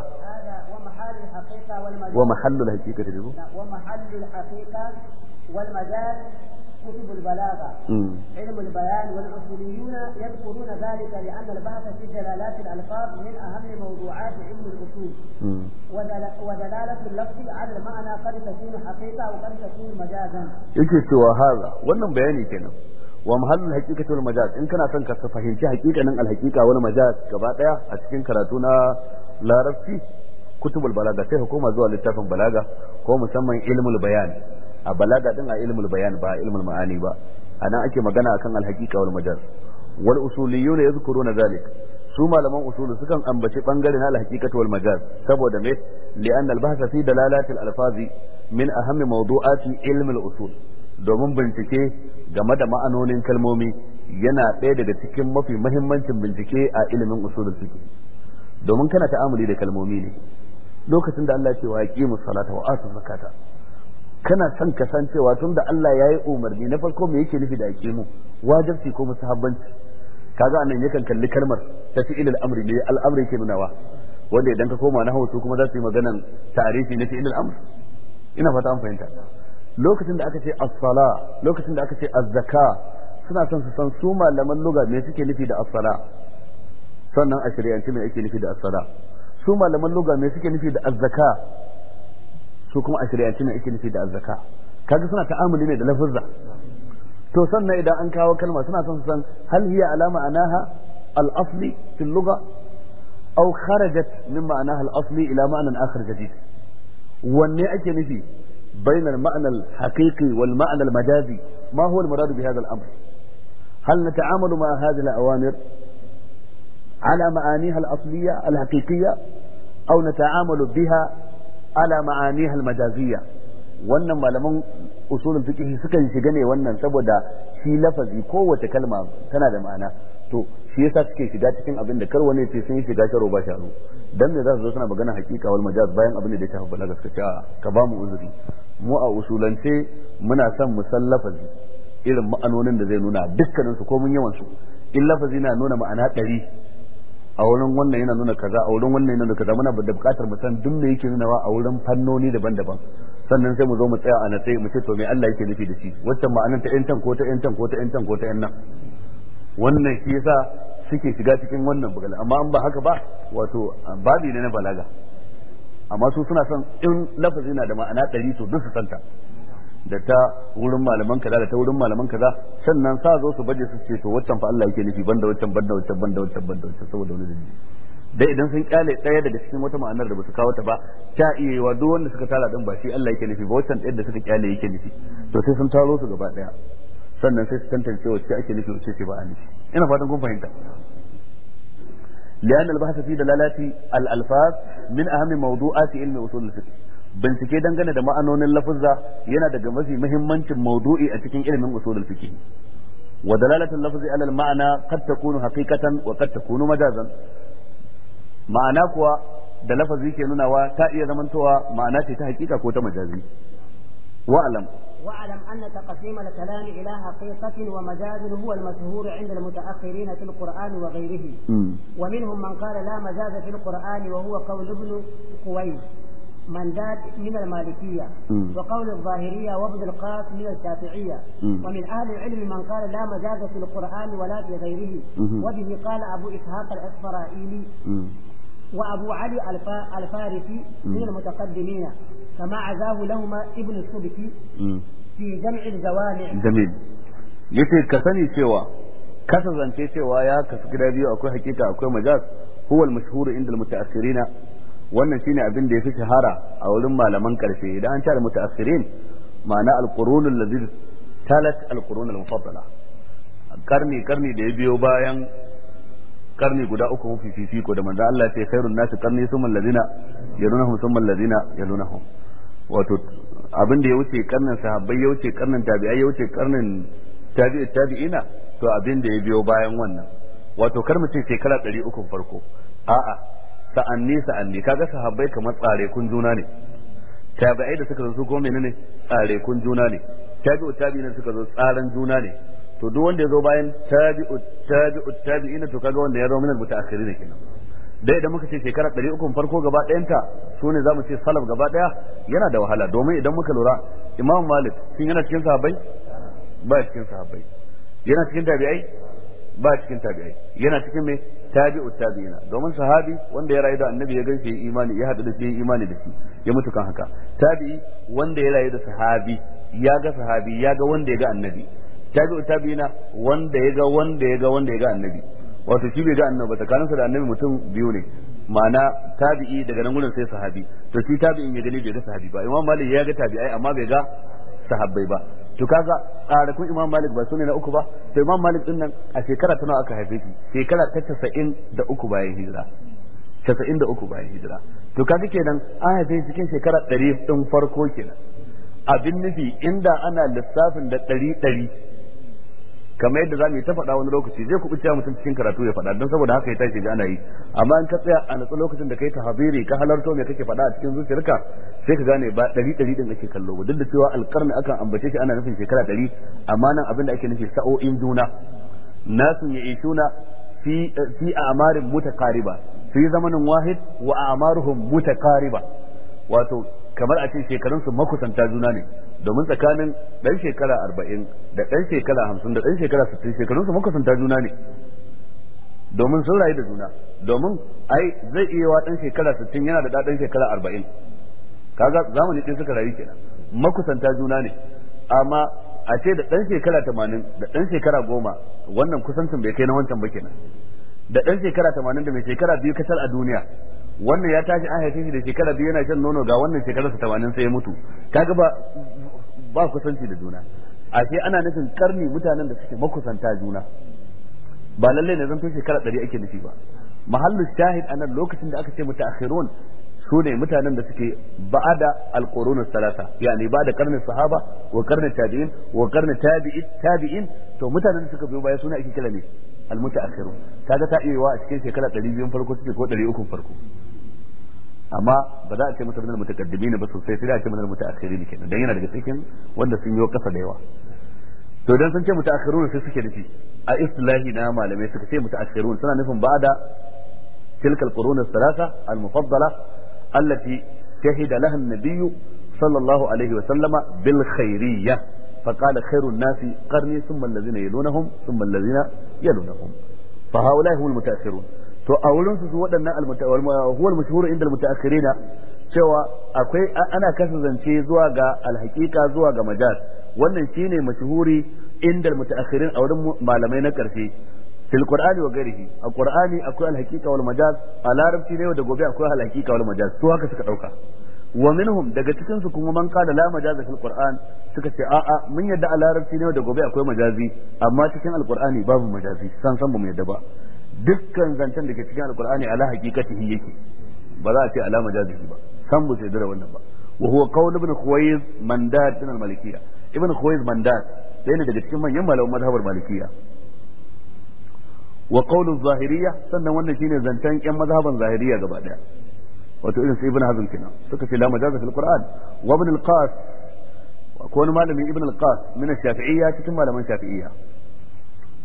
ومحل الحقيقة ومحل الحقيقة والمجاز كتب البلاغة علم البيان والأصوليون يذكرون ذلك لأن البحث في دلالات الألفاظ من أهم موضوعات علم الأصول ودلالة اللفظ على المعنى قد تكون حقيقة وقد تكون مجازا يجي هذا ولم بياني كنا wa mahallul haqiqati wal majaz in kana son ka fahimci hakikanin alhakika haqiqa wal majaz gaba ɗaya a cikin karatu na larabci kutubul balaga sai hukuma zuwa littafin balaga ko musamman ilmul bayani. a balaga din a ilmul bayan ba ilmul ma'ani ba anan ake magana akan alhaqiqa wal majaz wal usuliyun yadhkuruna zalik su malaman usulu sukan ambaci bangare na alhaqiqatu wal majaz saboda me li'an al-bahsa fi dalalatil alfazi min aham mawdu'ati ilm al-usul domin bincike game da ma'anonin kalmomi yana ɗaya daga cikin mafi mahimmancin bincike a ilimin usulul fiqh domin kana ta'amuli da kalmomi ne lokacin da Allah ya ce wa yaqimus salata wa atuz zakata kana son ka san cewa tun da Allah ya yi umarni na farko me yake nufi da ake mu wajibci ko musahabbanci kaga anan yakan kalli kalmar ta fi al-amri ne al-amri ke nunawa wanda idan ka koma na su kuma za su yi maganan tarihi na fi'il al amri ina fata an fahimta lokacin da aka ce as-sala lokacin da aka ce az-zaka suna son su san su malaman lugha me suke nufi da as-sala sannan a shari'ance me ake nufi da as-sala su malaman lugha me suke nufi da az-zaka su kuma a shari'ance mai ake nufi da azzaka kaga suna ta'amuli ne da lafuzza to sannan idan an kawo kalma suna son su san hal hiya ala ma'anaha al-asli fil lugha aw kharajat min ma'anaha al-asli ila ma'anan akhar jadid wanne ake nufi bayna al al haqiqi wal بين المعنى الحقيقي والمعنى المجازي ما هو المراد بهذا الأمر هل نتعامل مع هذه الأوامر على معانيها الأصلية الحقيقية أو نتعامل بها ala ma'aniha al wannan malaman usulul fiqh sukan shiga ne wannan saboda shi lafazi kowace kalma tana da ma'ana to shi yasa suke shiga cikin abin da kar wani ce sun yi shiga sharo ba sharo dan me za su zo suna magana hakika wal majaz bayan abin da ya shafi balaga suka ce ka ba mu uzuri mu a usulance muna son mu san lafazi irin ma'anonin da zai nuna dukkanin su ko mun yawan su in lafazi na nuna ma'ana ɗari a wurin wannan yana nuna kaza a wurin wannan yana nuna kaza muna da bukatar mu san duk me yake nunawa a wurin fannoni daban-daban sannan sai mu zo mu tsaya a natsai mu ce to me Allah yake nufi da shi wacce ma'anar ta yan ko ta yan ko ta yan ko ta yan nan wannan shi yasa suke shiga cikin wannan bugala amma an ba haka ba wato babi ne na balaga amma su suna son in lafazi na da ma'ana ɗari to duk su santa da ta wurin malaman kaza da ta wurin malaman kaza sannan sa zo su baje su ce to waccan fa Allah yake nufi banda waccan banda waccan banda waccan banda waccan saboda wani dalili dai idan sun kyale ɗaya daga cikin wata ma'anar da ba su kawo ta ba ta iya yiwa duk wanda suka tara din ba shi Allah yake nufi ba waccan ɗaya da suka kyale yake nufi to sai sun taro su gaba ɗaya sannan sai su tantance wacce ake nufi wacce ce ba a nufi ina fatan kun fahimta لأن البحث في دلالات الألفاظ من أهم موضوعات علم أصول الفقه bincike dangane da ma'anonin lafuzza yana daga mafi muhimmancin maudu'i a cikin ilimin usulul fiqh wa dalalatul lafzi ala ma'ana qad takunu haqiqatan wa qad takunu majazan ma'ana kuwa da lafazi ke nunawa ta iya zamantowa ma'ana ce ta hakika ko ta majazi wa'lam واعلم أن تقسيم الكلام إلى حقيقة ومجاز هو المشهور عند المتأخرين في القرآن وغيره م. ومنهم من قال لا مجاز في wa huwa قول ابن قويس منداد من المالكية وقول الظاهرية وابن القاس من الشافعية ومن أهل العلم من قال لا مجاز في القرآن ولا في غيره وبه قال أبو إسحاق الإسرائيلي وأبو علي الفارسي من المتقدمين كما عزاه لهما ابن السبكي في جمع الجوامع جميل yace ka sani cewa kasa zance cewa ya kasu gida biyu akwai hakika akwai majaz huwa al-mashhur inda al-mutaakhirina wannan shine abin da ya fi shahara a wurin malaman karfe idan an tare mutaakhirin ma'ana al-qurun allazi talat al-qurun al-mufaddala karni karni da ya biyo bayan karni guda uku mafi fifiko da manzo Allah ya ce khairun nasi karni summa allazina yalunahum summa allazina yalunahum wato abin da ya wuce karnin sahabbai ya wuce karnin tabi'ai ya wuce karnin tabi'i tabi'ina to abin da ya biyo bayan wannan wato kar mu ce shekara 300 farko a'a sa'anni sa'anni kaga sahabbai kamar tsare kun juna ne tabi'ai da suka zo su gome ne tsare kun juna ne tabi'u tabi'ina suka zo tsaran juna ne to duk wanda ya zo bayan tabi'u tabi'u tabi'ina to kaga wanda ya zo minal mutaakhirin kenan dai idan muka ce shekara ɗari farko gaba ɗayanta su ne za mu ce salaf gaba ɗaya yana da wahala domin idan muka lura imam malik shin yana cikin sahabbai ba cikin sahabbai yana cikin tabi'ai ba cikin tabi'ai yana cikin me tabi'u tabi'ina domin sahabi wanda ya rayu da annabi ya gaishe imani ya hadu da shi imani da shi ya mutu kan haka tabi'i wanda ya rayu da sahabi ya ga sahabi ya ga wanda ya ga annabi tabi'u tabi'ina wanda ya ga wanda ya ga wanda ya ga annabi wato shi bai ga annabi ba sa da annabi mutum biyu ne ma'ana tabi'i daga nan gurin sai sahabi to shi tabi'in ya gani bai ga sahabi ba imam malik ya ga tabi'ai amma bai ga sahabbai ba to kaga kun imam malik ba sune na uku ba to imam malik din nan a shekara ta nawa aka haife shi shekara ta casa'in da uku bayan hijira casa'in da uku bayan hijira to kaga kenan an haife shi cikin shekara ɗari ɗin farko kenan abin nufi inda ana lissafin da ɗari ɗari kamar yadda zamu yi ta faɗa wani lokaci zai a mutum cikin karatu ya faɗa don saboda haka ya tashi ga ana yi amma in ka tsaya a natsa lokacin da kai habiri ka halarto me kake faɗa a cikin zuciyarka sai ka gane ba ɗari ɗari din ake kallo ba duk da cewa alƙarni akan ambace shi ana nufin shekara ɗari amma nan abin da ake nufi sa'o'in juna nasun ya ishuna fi a amarin mutakariba fi zamanin wahid wa amaruhum mutakariba wato kamar a ce shekarunsu makusanta juna ne domin tsakanin ɗan shekara arba'in da ɗan shekara hamsin da ɗan shekara sittin shekarunsu makusanta juna ne domin sun rayu da juna domin ai zai iya wa ɗan shekara sittin yana da ɗan shekara arba'in kaga zamani ɗin suka rayu kenan makusanta juna ne amma a ce da ɗan shekara tamanin da ɗan shekara goma wannan kusancin bai kai na wancan ba kenan da ɗan shekara tamanin da mai shekara biyu kasar a duniya wannan ya tashi an haife shi da shekara biyu yana shan nono ga wannan shekara sa tamanin sai ya mutu kaga ba ba kusanci da juna Ashe ana nufin karni mutanen da suke makusanta juna ba lallai ne zanto shekara ɗari ake nufi ba mahallu shahid anan lokacin da aka ce mutaakhirun su ne mutanen da suke ba'ada alqurunus salasa yani ba'da karnin sahaba wa karnin tabi'in wa karnin tabi'in tabi'in to mutanen da suka biyo baya suna ake kira ne al almutaakhirun kaga ta iya wa a cikin shekara 200 farko suke ko 300 farko amma ba za a ce masa minal mutaqaddimin ba sosai sai da a ce minal mutaakhirin kenan dan yana daga cikin wanda sun yi kasa da yawa to dan sun ce mutaakhirun sai suke nufi a istilahi na malamai suka ce mutaakhirun suna nufin ba'da tilka alqurun as-salasa al-mufaddala allati shahida laha an-nabiy sallallahu alaihi wa sallama bil khairiyya فقال خير الناس قرني ثم الذين يلونهم ثم الذين يلونهم فهؤلاء هم المتأخرون to a wurin su waɗannan huwal mashhur inda na cewa akwai ana kasa zance zuwa ga alhakika zuwa ga majaz wannan shine mashhuri inda almutaakhirin a wurin malamai na ƙarfi fil qur'ani wa ghairihi a qur'ani akwai alhaqiqa wal majaz a larabci ne da gobe akwai alhaqiqa wal majaz to haka suka dauka wa minhum daga cikin su kuma man qala la majaz fil qur'an suka ce a a mun yadda a larabci ne da gobe akwai majazi amma cikin alqur'ani babu majazi san san ba mu yadda ba dukkan zancen da ke cikin alqur'ani ala haqiqatihi yake ba za a ce alama jazihi ba san ba sai da wannan ba wa huwa qawl ibn khuwayz mandat min al-malikiyya ibn khuwayz mandat sai ne daga cikin manyan malaman mazhabar malikiyya wa qawl az-zahiriyya sannan wannan shine zancen ƴan mazhaban zahiriyya gaba daya wato irin su ibn hazm kenan suka ce la majaza fil qur'an wa ibn al-qas ko wani malamin ibn al-qas min ash-shafi'iyya cikin malaman shafi'iyya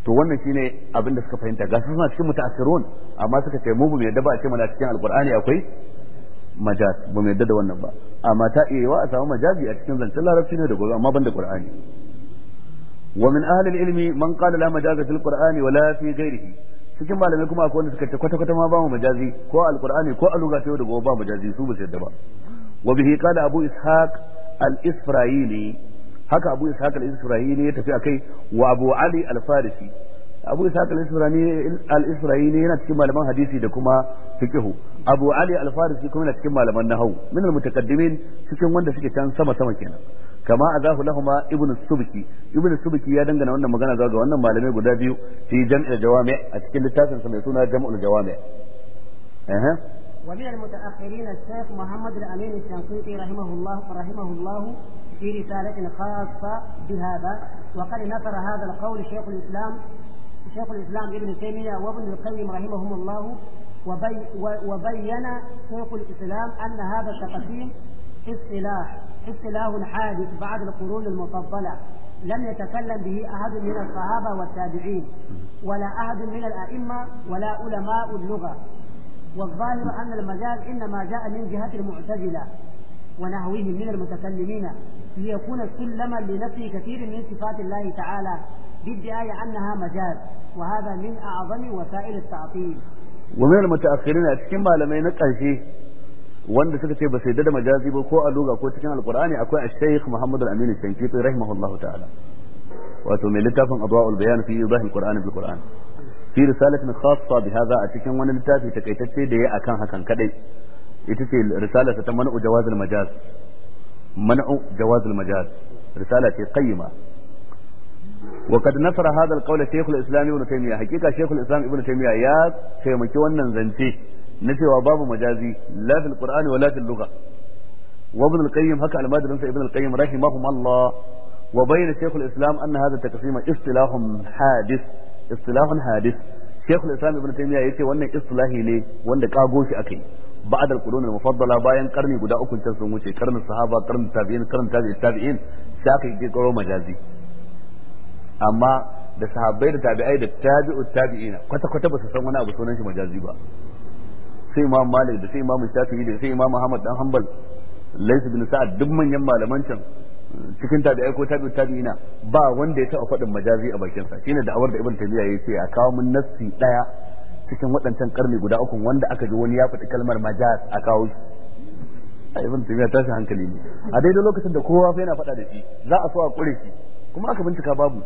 to wannan shine abin da suka fahimta ga suna cikin mutaassirun amma suka ce mu mu yadda ba a ce mana cikin alqur'ani akwai majaz ba mu yadda da wannan ba amma ta iya wa a samu majazi a cikin zancen larabci ne da gobe amma ban da qur'ani wa min ahli ilmi man qala la majaza fil qur'ani wala fi ghairihi cikin malamai kuma akwai wanda suka ce kwata kwata ma ba mu majazi ko alqur'ani ko a lugata da gobe ba majazi su ba su yadda ba wa bihi qala abu ishaq al-isra'ili haka abu ishaq al-isra'ili ya tafi a kai wa abu ali al-farisi abu ishaq al-isra'ili yana cikin malaman hadisi da kuma fiqhu abu ali al-farisi kuma yana cikin malaman nahwu min al-mutaqaddimin cikin wanda suke can sama sama kenan kama azahu lahuma ibnu subki ibnu subki ya dangana wannan magana zuwa ga wannan malamai guda biyu fi jam'il jawami a cikin littafin sa mai suna jam'ul jawami ومن المتأخرين الشيخ محمد الأمين الشنقيطي رحمه الله رحمه الله في رسالة خاصة بهذا وقد نثر هذا القول شيخ الإسلام شيخ الإسلام ابن تيمية وابن القيم رحمهم الله وبي وبين شيخ الإسلام أن هذا التقسيم اصطلاح اصطلاح حادث بعد القرون المفضلة لم يتكلم به أحد من الصحابة والتابعين ولا أحد من الأئمة ولا علماء اللغة والظاهر أن المجال إنما جاء من جهة المعتزلة ونحوهم من المتكلمين ليكون سلما لنفي كثير من صفات الله تعالى بادعاء أنها مجاز وهذا من أعظم وسائل التعطيل ومن المتأخرين أتكلم على ما ينقشه wanda suka ce ba sai da majazi ba ko a loga ko cikin alkur'ani akwai al-shaykh Muhammad al-Amin al-Shankiti rahimahullahu ta'ala wato mai littafin Adwa'ul Bayan fi Ibrahim Qur'an bil Qur'an fi risalatin khassa bi hadha a cikin wani littafi takaitacce da yayi akan hakan kadai ita ce risalarsa ta man'u jawazil majaz منع جواز المجاز رسالة قيمة وقد نصر هذا القول شيخ الإسلام ابن تيمية حقيقة شيخ الإسلام ابن تيمية يا تيمكي ونن زنتي نتي وباب مجازي لا في القرآن ولا في اللغة وابن القيم هكا على مادر ابن القيم رحمهم الله وبين شيخ الإسلام أن هذا التقسيم اصطلاح حادث اصطلاح حادث شيخ الإسلام ابن تيمية يتي ونن اصطلاحي ليه ونن قاقوش أكي ba'da al-qurun al-mufaddala bayan karni guda uku can sun wuce karnin sahaba karnin tabi'in karnin tabi'in tabi'in sai aka yi karo majazi amma da sahabbai da tabi'ai da tabi'u tabi'ina kwata kwata ba su san wani abu sunan shi majazi ba sai imam malik da sai imam shafi'i da sai imam ahmad dan hanbal laysa bin sa'ad duk manyan malaman can cikin tabi'ai ko tabi'u tabi'ina ba wanda ya taɓa faɗin majazi a bakinsa shine da'awar da ibn tabi'a ya ce a kawo mun nassi daya cikin waɗancan ƙarni guda uku wanda aka ji wani ya faɗi kalmar majaz a kawo shi a ibn tumiya tashi hankali ne a daidai lokacin da kowa fa yana faɗa da shi za a so a kure shi kuma aka bincika babu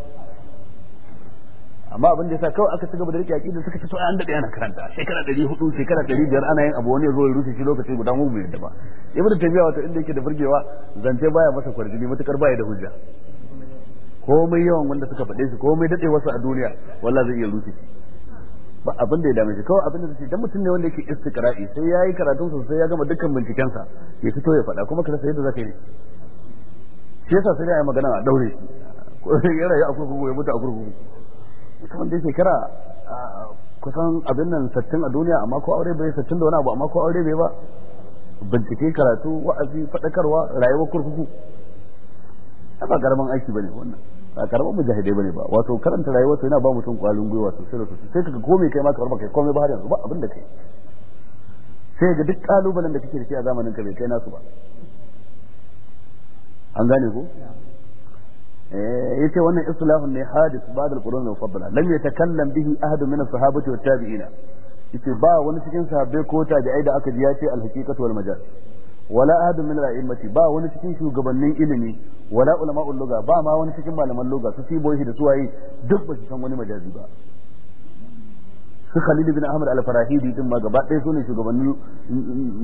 amma abin da yasa kawai aka cigaba da rike aqida suka fito to an dade ana karanta shekara 400 shekara 500 ana yin abu wani ya zo ya rufe shi lokaci guda mu bai ba ibnu tabiya wato inda yake da burgewa zance baya masa kwarjini matukar baya da hujja komai yawan wanda suka faɗe shi komai dade wasu a duniya wallahi zai iya rufe shi ba abin da ya dame shi kawai abin da zai dan mutum ne wanda yake istiqra'i sai yayi karatun sa sai ya gama dukkan binciken sa ya fito ya faɗa kuma kana sai yadda zaka yi shi yasa sai yayi magana a daure shi ko ya rayu a kurkuku ya mutu a kurkuku mutumin da shekara kusan abin nan sattin a duniya amma ko aure bai sattin da wani abu amma ko aure bai ba bincike karatu wa'azi faɗakarwa rayuwar kurkuku ba garman aiki bane wannan ba karɓar mujahidai bane ba wato karanta rayuwar su yana ba mutum kwalin gwiwa sosai da sosai sai kaga komai kai ma karɓar kai komai ba har yanzu ba abin da kai sai ga duk kalubalen da kake da shi a zamanin ka bai kai nasu ba an gane ko eh, yace wannan istilahun ne hadis ba'da al-qurun al-mufaddala lam yatakallam bihi ahad min as-sahabati wat tabi'ina yace ba wani cikin sahabbai ko tabi'ai da aka ji yace al-haqiqatu wal majaz wala ahad min al ba wani cikin shugabannin ilimi wala ulama'ul lugha ba ma wani cikin malaman lugha su siboyi da suwaye duk ba su san wani majazi ba su Khalil bin Ahmad al-Farahidi din ma gaba ɗaya sune shugabannin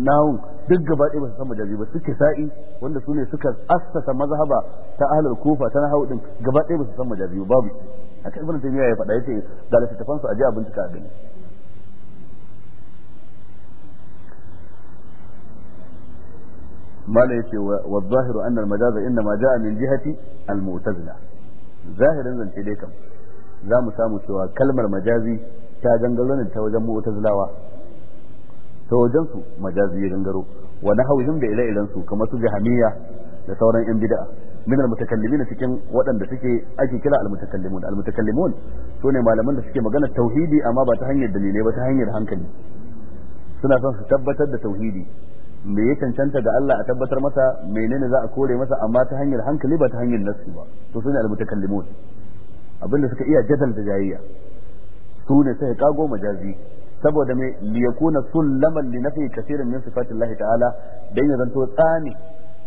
nawun duk gaba ɗaya ba su san majazi ba su Kisa'i wanda sune suka assasa mazhaba ta ahlul Kufa ta nahawu din gaba ɗaya ba su san majazi ba babu haka Ibn Taymiyyah ya faɗa yace ga littafansu aje a bincika a gani mala yace wa zahiru anna al-majaza inna ma ja'a min jihati al-mu'tazila zahirin zance dai kam za mu samu cewa kalmar majazi ta gangaro ne ta wajen mu'tazilawa ta wajen su majazi ya gangaro wa nahawihim da ire-iren su kamar su da sauran yan bid'a min al-mutakallimin cikin waɗanda suke ake kira al sune malaman da suke magana tauhidi amma ba ta hanyar dalilai ba ta hanyar hankali suna son su tabbatar da tauhidi me ya cancanta da Allah a tabbatar masa menene za a kore masa amma ta hanyar hankali ba ta hanyar nafsi ba to sune almutakallimun abinda suka iya jadal da jayayya sune sai kago majazi saboda me li yakuna sullaman li nafi kaseerin min Allah ta'ala dan ya zanto tsani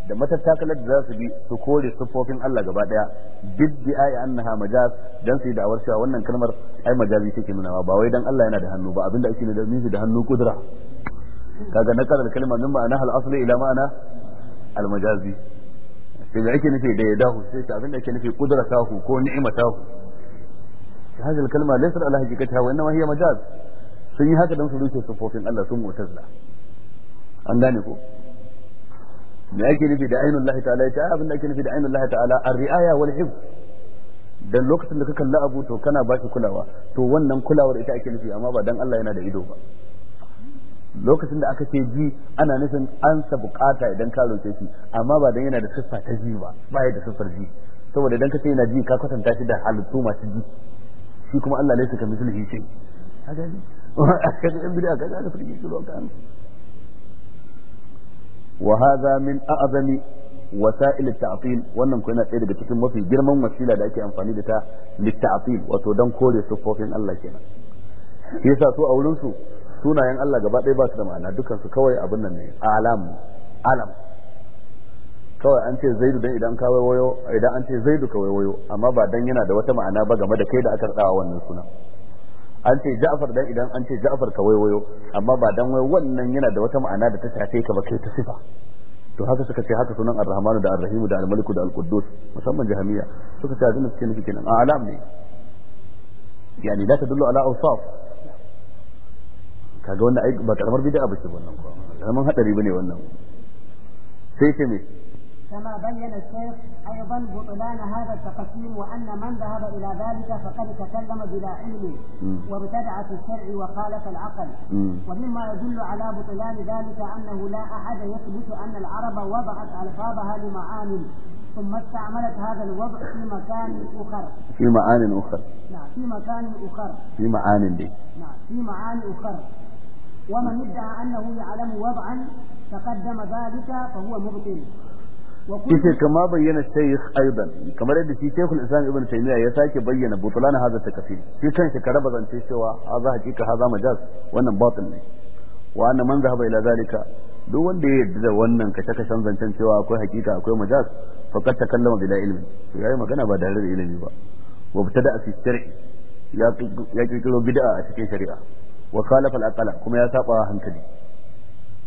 da matattakalar da za su bi su kore sifofin Allah gaba daya duk ayi annaha majaz dan su yi da'awar cewa wannan kalmar ai majazi take nunawa ba wai dan Allah yana da hannu ba abinda ake nufi da hannu kudura kaga na karar kalma min ma'ana hal asli ila ma'ana al majazi sai da ake nufi da yadahu sai ta abin da ake nufi qudratahu ko ni'matahu hadhihi al kalma laysa ala haqiqatiha wa inma hiya majaz sun yi haka dan su rufe sufofin Allah sun mu'tazila an gane ko me ake nufi da ainihin Allah ta'ala ya abin da ake nufi da ainihin Allah ta'ala ar-ri'aya wal hifz dan lokacin da ka kalla abu to kana baki kulawa to wannan kulawar ita ake nufi amma ba dan Allah yana da ido ba lokacin da aka ce ji ana nufin ansa bukata idan ka roƙe shi amma ba dan yana da siffa ta ji ba ba ya da siffar ji saboda idan ka ce yana ji ka kwatanta shi da halittu masu ji shi kuma Allah laisa ka mislihi shi kaga ni kaga in bid'a kaga da fili shi ka an wa hadha min a'zami wasa'il at-ta'til wannan kuma yana ɗaya daga cikin mafi girman wasila da ake amfani da ta lit-ta'til wato dan kore siffofin Allah kenan yasa so a wurin su sunayen Allah gaba ɗaya ba su da ma'ana dukkan su kawai abin nan ne alam alam kawai an ce zaidu dan idan kawai wayo idan an ce zaidu kawai wayo amma ba dan yana da wata ma'ana ba game da kai da aka radawa wannan sunan an ce Ja'far dan idan an ce Ja'far ka wayo amma ba dan wai wannan yana da wata ma'ana da ta shafe ka ba kai ta sifa to haka suka ce haka sunan Ar-Rahman da Ar-Rahim da Al-Malik da Al-Quddus musamman jahamiya suka ce abin da suke nufi kenan alam ne yani la tadullu ala awsaf kaga wannan ai ba karamar bid'a bace wannan ko karaman hadari bane wannan sai ce me كما بين الشيخ أيضا بطلان هذا التقسيم وأن من ذهب إلى ذلك فقد تكلم بلا علم وابتدع في الشرع وخالف العقل ومما يدل على بطلان ذلك أنه لا أحد يثبت أن العرب وضعت ألفاظها لمعاني ثم استعملت هذا الوضع في مكان آخر في معان أخر نعم في مكان آخر في معان دي نعم في معان أخر ومن ادعى أنه يعلم وضعا تقدم ذلك فهو مبطل yace kama bayyana shaykh aidan kamar yadda shi shaykhul islam ibn taymiya ya sake bayyana butulan ta takfir shi kan ka raba zance cewa za hakika haza majaz wannan batil ne wa anna man zahaba ila zalika duk wanda ya yadda da wannan kace kashen zancen cewa akwai hakika akwai majaz ta kallama bila ilmi to yayi magana ba tare da ilimi ba wa btada fi shar'i ya ya kirkiro bid'a a cikin shari'a wa khalafa al kuma ya saba hankali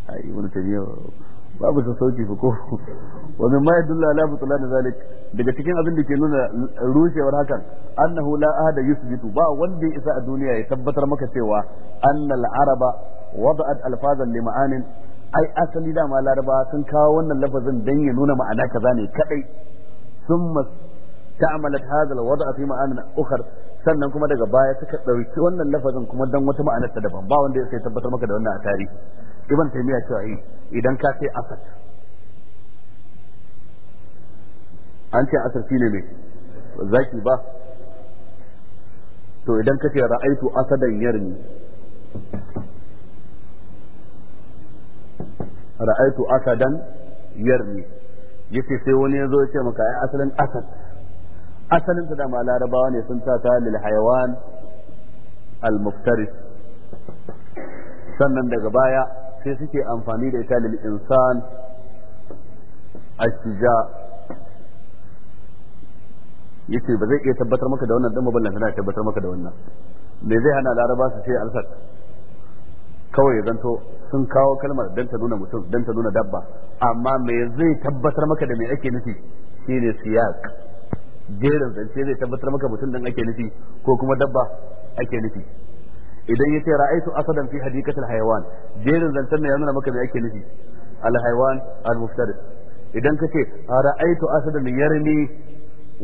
ai ibn tabiya babu ta sauki fa ko wa mimma yadullu ala butlan zalik daga cikin abin da ke nuna rushewar hakan annahu la ahada yusbitu ba wanda ya isa a duniya ya tabbatar maka cewa annal araba wada'at alfazan li ma'anin ai asali dama laraba sun kawo wannan lafazin dan ya nuna ma'ana kaza ne kadai summa ta'amalat hadha alwada' fi ma'anin ukhra sannan kuma daga baya suka ɗauki wannan lafazin kuma dan wata ma'anar ta daban ba wanda sai tabbatar maka da wannan a tarihi ibn taymiya cewa yi idan ka sai asad an ce asad shine mai zaki ba to idan ka ce ra'aitu asadan yarni ra'aitu asadan yarni yace sai wani ya zo ya ce maka ai asalin asad asalin su dama larabawa ne sun sa ta lil hayawan al sannan daga baya sai suke amfani da ita lil insan Ya ce ba zai iya tabbatar maka da wannan dan maballan sana tabbatar maka da wannan me zai hana laraba su ce alsat kawai zanto sun kawo kalmar dan ta nuna mutum dan ta nuna dabba amma me zai tabbatar maka da me ake nufi shine siyak? jerin zance zai tabbatar maka mutum dan ake nufi ko kuma dabba ake nufi idan yace ra'aytu asadan fi hadikatil hayawan jerin zancen ne ya nuna maka me ake nufi al almuftar al muftaris idan kace ra'aytu asadan yarmi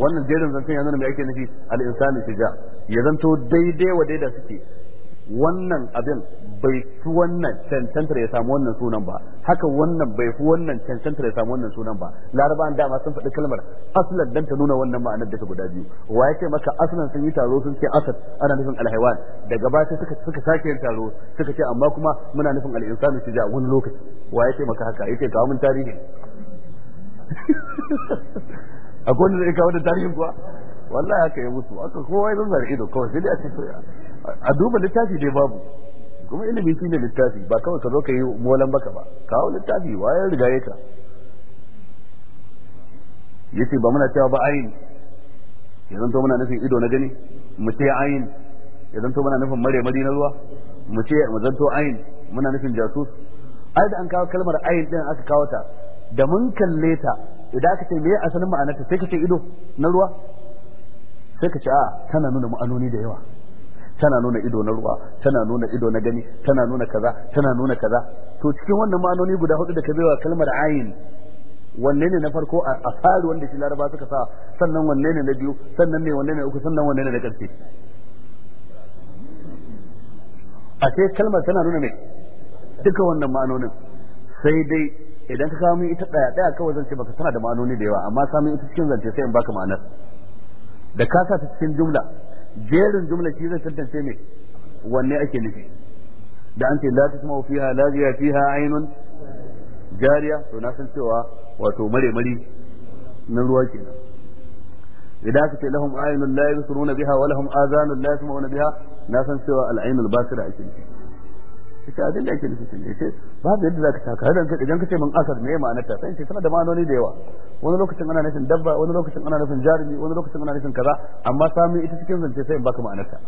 wannan jerin zancen ya nuna me ake nufi al insani shija ya zanto daidai wa daidai suke wannan abin bai fi wannan cancantar ya samu wannan sunan ba haka wannan bai fi wannan cancantar ya samu wannan sunan ba an dama sun faɗi kalmar aslan dan ta nuna wannan ma'anar da ta guda biyu wa ya ce maka aslan sun yi taro sun ce asad ana nufin alhaiwan daga baya sai suka suka sake yin taro suka ce amma kuma muna nufin al-insanu shija wani lokaci wa ya ce maka haka yace kawo mun tarihi akwai wanda zai kawo da tarihin kuwa wallahi haka ya mutu aka kowa ya zanzara ido kawai sai dai a ce a duba littafi dai babu kuma ilimi shine littafi ba kawai ka zo ka yi molan baka ba kawo littafi wayan riga ya ka yace ba muna cewa ba ayin ya zanto muna nufin ido na gani mu ce ayin ya zanto muna nufin mare mari na ruwa mu ce mu zanto ayin muna nufin jasus ai da an kawo kalmar ayin din aka kawo ta da mun kalle ta idan aka ce me asalin ma'anarta sai ka ce ido na ruwa sai ka ce a tana nuna ma'anoni da yawa tana nuna ido na ruwa tana nuna ido na gani tana nuna kaza tana nuna kaza to cikin wannan ma'anoni guda hudu da ka bai kalmar ayin wanne ne na farko a fari wanda shi laraba suka sa sannan wanne ne na biyu sannan ne wanne ne uku sannan wanne ne na ƙarshe a sai kalmar tana nuna ne duka wannan ma'anonin sai dai idan ka samu ita daya daya kawai zan baka sana da ma'anoni da yawa amma samu ita cikin zance sai in baka ma'anar da ka sa ta cikin jumla jerin jumla shi zai tantance me wanne ake nufi da an ce la tasma'u fiha laziya fiha ainun jariya to na san cewa wato mare mari na ruwa kenan idan aka ce lahum aynun la yusruna biha wa lahum azanun la yasma'una biha na san cewa al-ainul basira ake nufi ce abin da ake nufi sun ce babu yadda zaka taka hadan ka idan ce mun asar me ma'anar ta sai ce tana da ma'anoni da yawa wani lokacin ana nufin dabba wani lokacin ana nufin jarumi wani lokacin ana nufin kaza amma sami ita cikin zance sai in baka ma'anar ta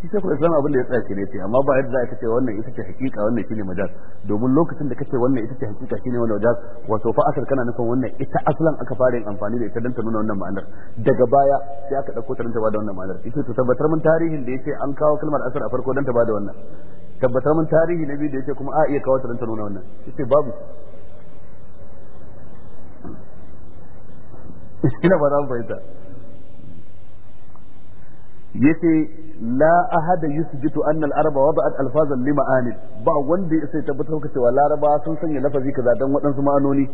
shi sai ku islam abin da ya tsaya ne ce amma ba yadda za ka ce wannan ita ce hakika wannan shine majaz domin lokacin da kace wannan ita ce hakika shine wannan majaz wato fa asar kana nufin wannan ita aslan aka fara yin amfani da ita dan ta nuna wannan ma'anar daga baya sai aka dauko ta dan ta bada wannan ma'anar ita ce tabbatar mun tarihin da yake an kawo kalmar asar a farko dan ta bada wannan tabbatar mun tarihi na biyu da yake kuma a iya kawo ta nuna wannan yace babu ina ba za mu fahimta yace la ahada yusbitu anna al-araba wada'at alfazan li ma'ani ba wanda ya sai tabbatar ka cewa laraba sun sanya lafazi kaza dan waɗansu ma'anoni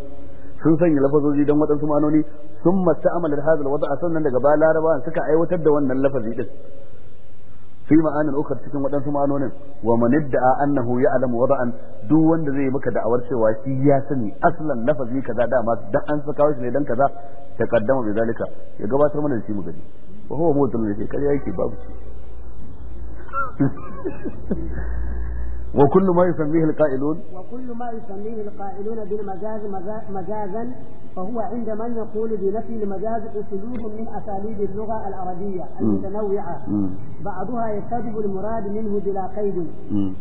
sun sanya lafazoji dan waɗansu ma'anoni sun masta'amala hadha al-wada'a sannan daga ba laraba suka aiwatar da wannan lafazi din fi ma'anin ukar cikin waɗansu ma'anonin wa man idda'a annahu ya'lamu wada'an duk wanda zai maka da'awar cewa shi ya sani aslan lafazi kaza dama dan an saka shi ne dan kaza ta kaddama bi zalika ya gabatar mana da shi mu gani wa huwa yake babu وكل ما يسميه القائلون وكل ما يسميه القائلون بالمجاز مجازا فهو عند من يقول بنفي المجاز اسلوب من اساليب اللغه العربيه المتنوعه بعضها يستجب المراد منه بلا قيد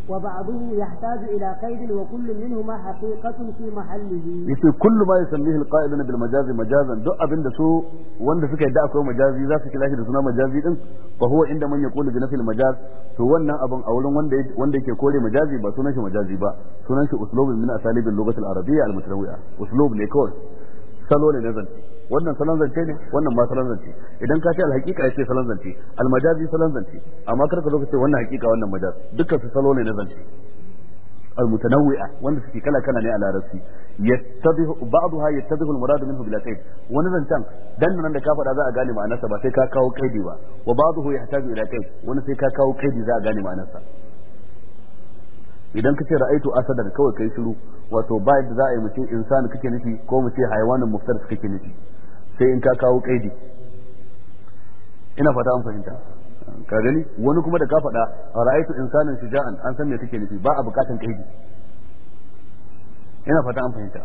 وبعضه يحتاج الى قيد وكل منهما حقيقه في محله يقول كل ما يسميه القائلون بالمجاز مجازا دو ابن سو wanda suka yadda akwai majazi za su kira shi da suna majazi din fa huwa inda man yaqulu bi nafil majaz to wannan abin a wurin wanda wanda yake kore majaz majazi ba sunan shi salo ne na zance wannan salon zance ne wannan ma salon zance idan ka ce alhaqiqa yace salon zance al salon zance amma kar ka zo ka ce wannan haqiqa wannan majaz dukkan su salo ne na zance al wanda suke kala kala ne a larabci yattabihu ba'daha yattabihu al minhu bila qaid wani zancan dan nan da ka faɗa za a gane ma'anarsa ba sai ka kawo kaidi ba wa ba'dahu yahtaju ila qaid wani sai ka kawo kaidi za a gane ma'anarsa idan kace ra'aitu asadan kawai kai shiru wato ba yadda za a yi mutum insani kake nufi ko mutum hayawanin muftar kake nufi sai in ka kawo kaidi ina fata an fahimta ka gani wani kuma da ka faɗa ra'aitu insanin shija'an an san me kake nufi ba a bukatan kaidi ina fata an fahimta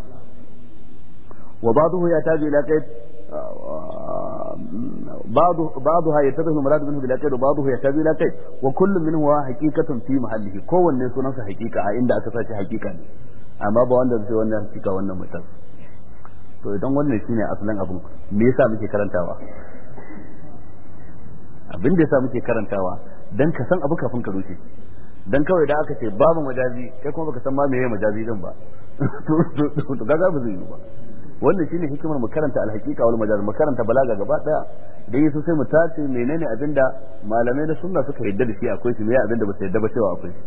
wa ba'dahu ya tabi ila qaid بعضها يتبه المراد منه بلا كيد وبعضه يتبه بلا كيد وكل منهما حقيقة في محله الناس نفس حقيقة عند أكثر حقيقة أما بوان ده وانا حقيقة وانا mutum تو idan وانا shine أصلا أبو ميسا مكي كرن karantawa أبن da مكي كرن karantawa دن ka أبو كفن kafin dan kawai da aka ce babu majazi kai kuma baka san ma meye majazi din ba to to to ga ba zai yi ba wannan shine hikimar mu karanta alhaqiqa wal majaz mu karanta balaga gaba daya da yaso sai mu tace menene abinda malamai da sunna suka yadda da shi akwai shi me abinda ba su yadda ba cewa akwai shi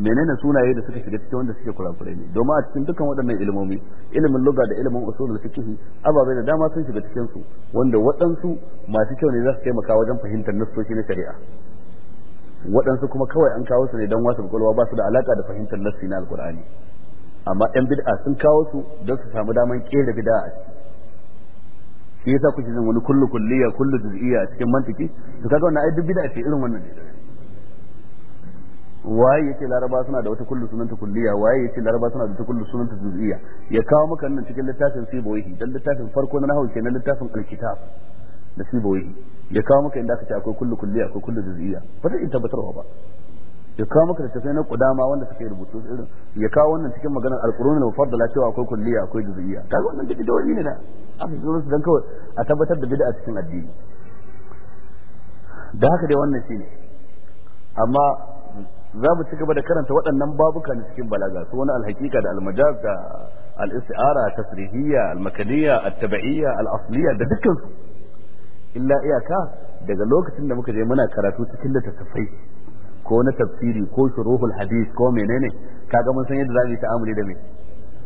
menene sunaye da suka shiga cikin wanda suke kurakure ne domin a cikin dukkan waɗannan ilimomi ilimin lugha da ilimin usulul fiqh ababe da dama sun shiga cikin su wanda waɗansu masu kyau ne za su taimaka wajen fahimtar nassoshi na shari'a waɗansu kuma kawai an kawo su ne don wasu kwakwalwa ba su da alaka da fahimtar nassi na alkur'ani amma ɗan bid'a sun kawo su don su samu daman ƙera bid'a a ciki shi yasa kuke jin wani kullu kulliya kullu juz'iyya a cikin mantiki to kaga wannan ai duk bid'a ce irin wannan waye yace laraba suna da wata kullu sunanta kulliya waye yace laraba suna da wata kullu sunanta juz'iyya ya kawo maka nan cikin littafin Siboyi dan littafin farko na nahwu kenan littafin alkitab da Siboyi ya kawo maka inda aka ce akwai kullu kulliya akwai kullu juz'iyya ba zai tabbatarwa ba ya kawo maka littafai na kudama wanda suka yi rubutu irin ya kawo wannan cikin maganar alkurun da la cewa akwai kulliya akwai juz'iyya kaga wannan duk bidoyi ne da aka zo su dan kawai a tabbatar da bid'a cikin addini da haka dai wannan shine amma za mu ci gaba da karanta waɗannan babuka na cikin balaga su wani alhaƙiƙa, da almajaz da al-isti'ara tasrihiyya al-makaniyya at-tabi'iyya al-asliyya da dukkan illa iyaka daga lokacin da muka je muna karatu cikin littattafai ko na tafsiri ko shuruhul hadith ko menene kaga mun san yadda za mu ta'amuli da me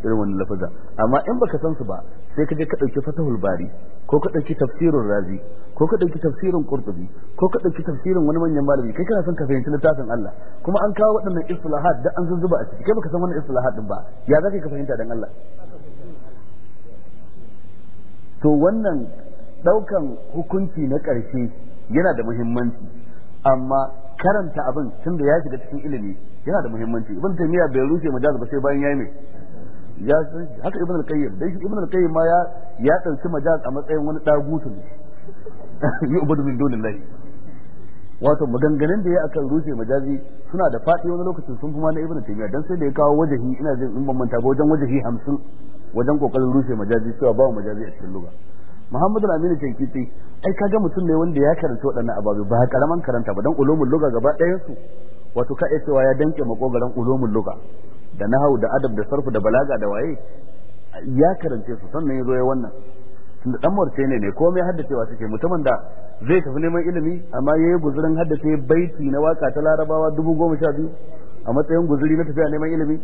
irin wannan lafaza amma in baka san su ba sai ka je ka dauki fatahul bari ko ka dauki tafsirul razi ko ka dauki tafsirin qurtubi ko ka dauki tafsirin wani manyan malami kai kana son ka fahimci littafin Allah kuma an kawo waɗannan islahat da an zuzzuba a ciki kai baka san wannan islahat din ba ya zaka ka fahimta dan Allah to wannan daukan hukunci na ƙarshe yana da muhimmanci amma karanta abin tun da ya shiga cikin ilimi yana da muhimmanci ibn taymiya bai rufe majaz ba sai bayan yayi mai ya san haka ibn al-qayyim dai shi ibn al-qayyim ma ya ya dauki majaz a matsayin wani dagutu yi ubudu min dunillah wato maganganun da ya akan rufe majazi suna da faɗi wani lokacin sun kuma na ibn taymiya dan sai da ya kawo wajahi ina jin in bambanta ba wajen wajahi hamsin wajen kokarin rufe majazi cewa ba majazi a cikin lugha muhammadu al-amin tankiti ai kaga mutum ne wanda ya karanta waɗannan ababe ba karaman karanta ba dan ulumul lugha gaba ɗayan su wato ka iya cewa ya danke makogaran ulumul lugha da nahau da adab da sarfu da balaga da waye ya karance su sannan ya ya wannan tunda dan morce ne ne komai haddacewa suke mutumin da zai tafi neman ilimi amma yayi guzurin haddace baiti na waka ta larabawa dubu goma sha biyu a matsayin guzuri na tafiya neman ilimi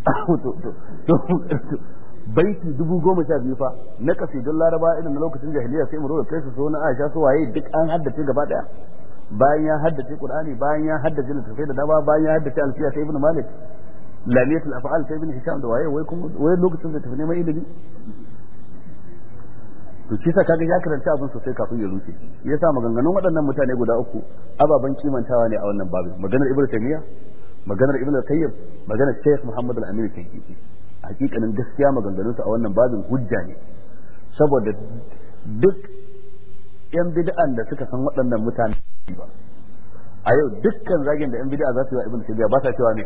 baiti dubu goma sha biyu fa na don laraba irin na lokacin jahiliya sai muro da kai su na aisha su waye duk an haddace gaba daya bayan ya haddace qur'ani bayan ya haddace littafai da dama bayan ya haddace alfiya sai ibn malik lamiyat al-af'al sai ibn hisham da waye wai kuma wai lokacin da tafi neman ilimi to kisa kaga ya karanta abin sosai kafin ya rushe yasa maganganun waɗannan mutane guda uku ababen kimantawa ne a wannan babin maganar ibnu taymiya maganar ibnu al-qayyim maganar shaykh muhammad al-amin al hakikanin gaskiya maganganunsa a wannan babin hujja ne saboda duk yan bid'an da suka san waɗannan mutane ba a yau dukkan zagin da yan bid'a za su yi wa ibn tabiya ba sa cewa ne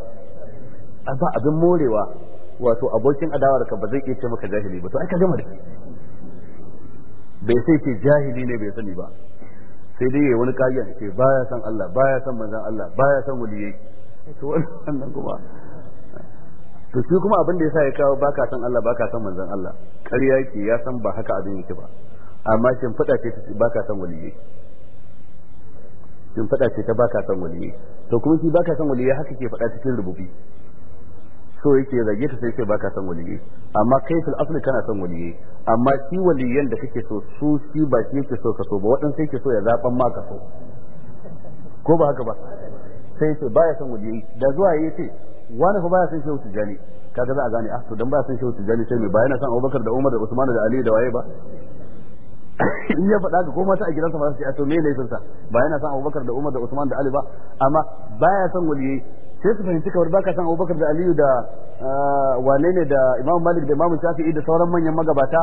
ba abin morewa wato abokin adawar ka ba zai iya ce maka jahili ba to ai ka gama da bai sai ce jahili ne bai sani ba sai dai wani kariya ce baya san Allah baya san manzon Allah baya san waliyai to wannan kuma to shi kuma abin da yasa ya kawo baka san Allah baka san manzon Allah ƙarya yake ya san ba haka abin yake ba amma shin fada ce baka san waliye. shin fada ce ta baka san waliye to kuma shi baka san waliye haka ke fada cikin rububi so yake zage ta sai ce baka san waliye amma kai fil asli kana san waliye amma shi waliyan da kake so su shi ba shi yake so ka so ba waɗansu yake so ya zaban ma ka so ko ba haka ba sai ce baya san waliye da zuwa yace wani fa baya san shehu tijani kaga za a gane ah to dan baya san shehu tijani sai mai ba na san Abubakar da Umar da Usman da Ali da waye ba in ya faɗa ga ko mata a gidansa ba su ce a ah, to me laifin sa ba na san Abubakar da Umar da Usman da Ali ba amma baya san waliyai sai su fahimci kamar baka san Abubakar da Aliyu da ah, wane ne da Imam Malik da Imam Shafi'i da sauran manyan magabata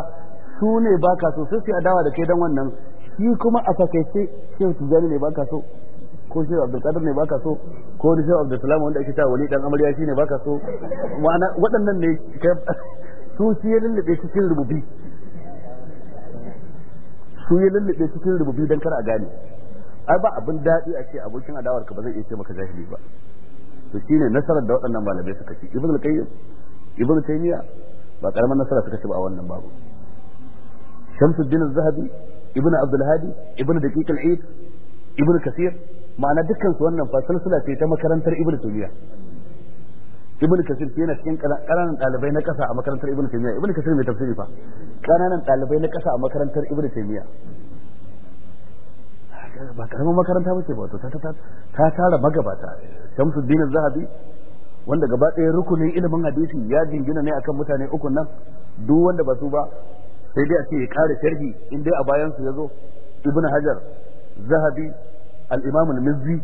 su ne baka so sai su adawa da kai dan wannan shi kuma a fakaice shehu tijani ne baka so ko shi Abdul Qadir ne baka so ko wani shi Abdul Salam wanda ake ta wani dan amarya shi ne baka so ma'ana waɗannan ne su shi ya lullube cikin rububi su ya lullube cikin rububi dan kar a gane ai ba abin daɗi a ce abokin adawar ka ba zai iya ce maka jahili ba to shine nasarar da waɗannan malamai suka ci ibnu qayyim ibnu taymiya ba karamar nasara suka ci ba a wannan babu shamsuddin az-zahabi ibnu abdul hadi ibnu daqiq al-eid ibnu kasir ma'ana dukkan su wannan sula ce ta makarantar ibnu tumiya ibnu kasir yana cikin kananan ɗalibai na ƙasa a makarantar ibnu tumiya ibnu kasir mai tafsiri fa ƙananan ɗalibai na ƙasa a makarantar ibnu tumiya ba karamin makaranta bace ba ta ta tara magabata Shamsuddin Zahabi wanda gaba ɗaya rukunin ilimin hadisi ya jingina ne akan mutane uku nan duk wanda ba su ba sai dai a ce ya kare sharhi in dai a bayan su yazo Ibn Hajar Zahabi al-imam al-mizzi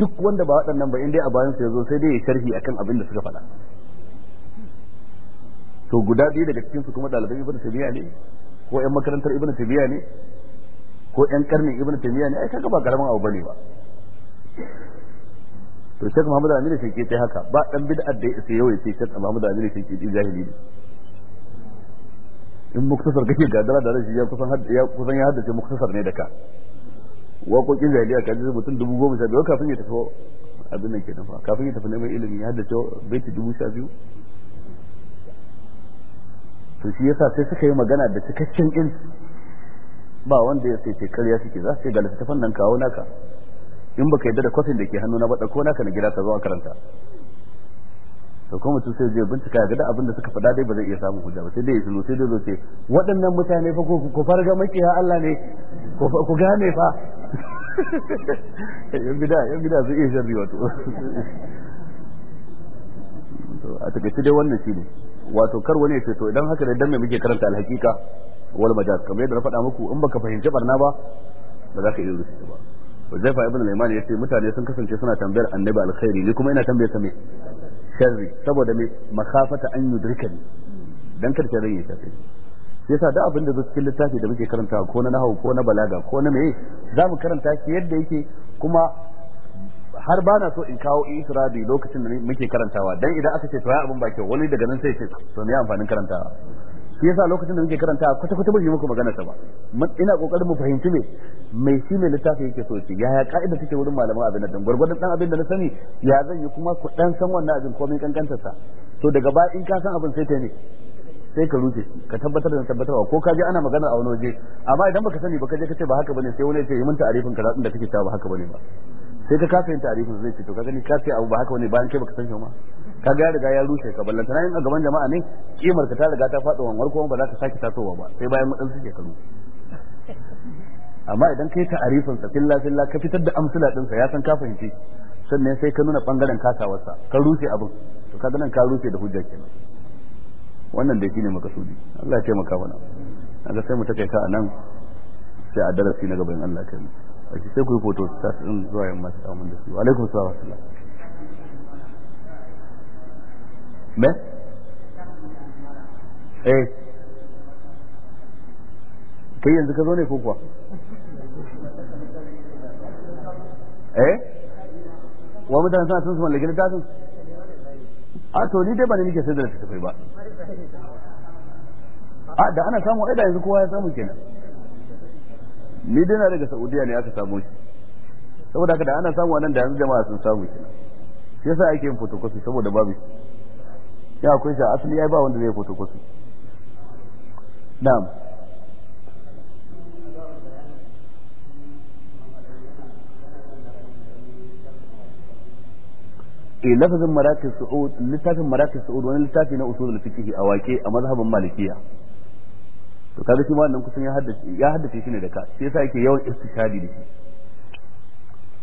duk wanda ba waɗannan ba indai a bayan sa yazo sai dai ya sharhi akan abin da suka faɗa to guda ɗaya daga cikin su kuma ɗaliban Ibn tabiya ne ko ƴan makarantar Ibn tabiya ne ko ƴan karnin Ibn tabiya ne ai kaga ba karaman abu bane ba to shek muhammad aminu sai ke haka ba dan bid'ar da sai yawai sai shek muhammad aminu sai ke jahili ne in muktasar kake gadara da rashi ya kusan ya kusan ya haddace muktasar ne da ka waƙoƙin zaliya ka ji mutum dubu goma sha biyu kafin ya tafi abin nan kenan fa kafin ya tafi neman ilimi ya haddace baiti dubu sha biyu to shi yasa sai suka yi magana da cikakken ilmi ba wanda ya sai ce karya suke za su ce ga littattafan nan kawo naka in baka yadda da kwafin da ke hannu na ba ɗauko naka na gida ka zo a karanta to kuma mutum sai zai bincika ya ga abin da suka faɗa dai ba zai iya samun hujja ba sai dai su sai dai ce waɗannan mutane fa ko ku farga makiya Allah ne ku gane fa yan gida yan gida su iya sharri wato a shi dai wannan shine wato kar wani ce to idan haka da dan me muke karanta alhaqiqa wal majaz kamar yadda na faɗa muku in baka fahimci barna ba ba za ka iya rubuta ba Huzaifa ibn al-Iman yace mutane sun kasance suna tambayar Annabi alkhairi ni kuma ina tambayar ta me sharri saboda mai makafata an yudrika ne don kar rai ya shafe yasa da abin da zo cikin littafi da muke karanta ko na nahawu ko na balaga ko na meye za mu karanta shi yadda yake kuma har ba na so in kawo israbi lokacin da muke karantawa dan idan aka ce to ya abin ba kyau wani daga nan sai ce to me amfanin karantawa shi yasa lokacin da muke karanta kwata kwata bai muku magana ta ba ina kokarin mu fahimci me mai shi mai littafi yake so ya yaya ka'ida take wurin malaman abin nan gurgurdan dan abin da na sani ya zan yi kuma ku dan san wannan abin komai kankanta sa to daga baya in ka san abin sai ta ne sai ka rufe shi ka tabbatar da tabbatarwa ko ka je ana magana a wani waje amma idan baka sani baka je ka ce ba haka bane sai wani ya ce yi mun ta'arifin ka da kake ta ba haka bane ba sai ka kasa yin ta'arifin zai ce to ka gani ka ce abu ba haka bane bayan kai baka san shi ba ka ga riga ya rushe ka ballanta nan a gaban jama'a ne kimar ka ta riga ta faɗo wannan kuma ba za ka sake tasowa ba sai bayan suke kanu. amma idan kai ta'arifin sa filla filla ka fitar da amsila din sa ya san ka fahimci sannan sai ka nuna bangaren sa ka rushe abin to kaga nan ka rushe da hujja kenan wannan da shine makasudi Allah ya taimaka mana kaga sai mu take a nan sai a darasi na gaban Allah kai sai ku yi foto sai zuwa yamma ta mun da su alaikum salam me eh kai yanzu ka zo ne ko kuwa eh wa mutane suna sun su mallaki tasin a to ni dai ba ni nike sai da littattafai ba a da ana samu aida yanzu kowa ya samu kenan ni dai na daga saudiya ne aka samu shi saboda haka da ana samu nan da yanzu jama'a sun samu kenan shi yasa ake yin fotokofi saboda babu shi ya akwai shi asali ya ba wanda zai kusa kusa na'am e lafazin marakis su'ud littafin marakis su'ud wani littafi na usulul fiqh a wake a mazhabin malikiya to kaga shi ma wannan kusan ya haddace ya haddace shi ne da ka sai yasa yake yawan istishadi da shi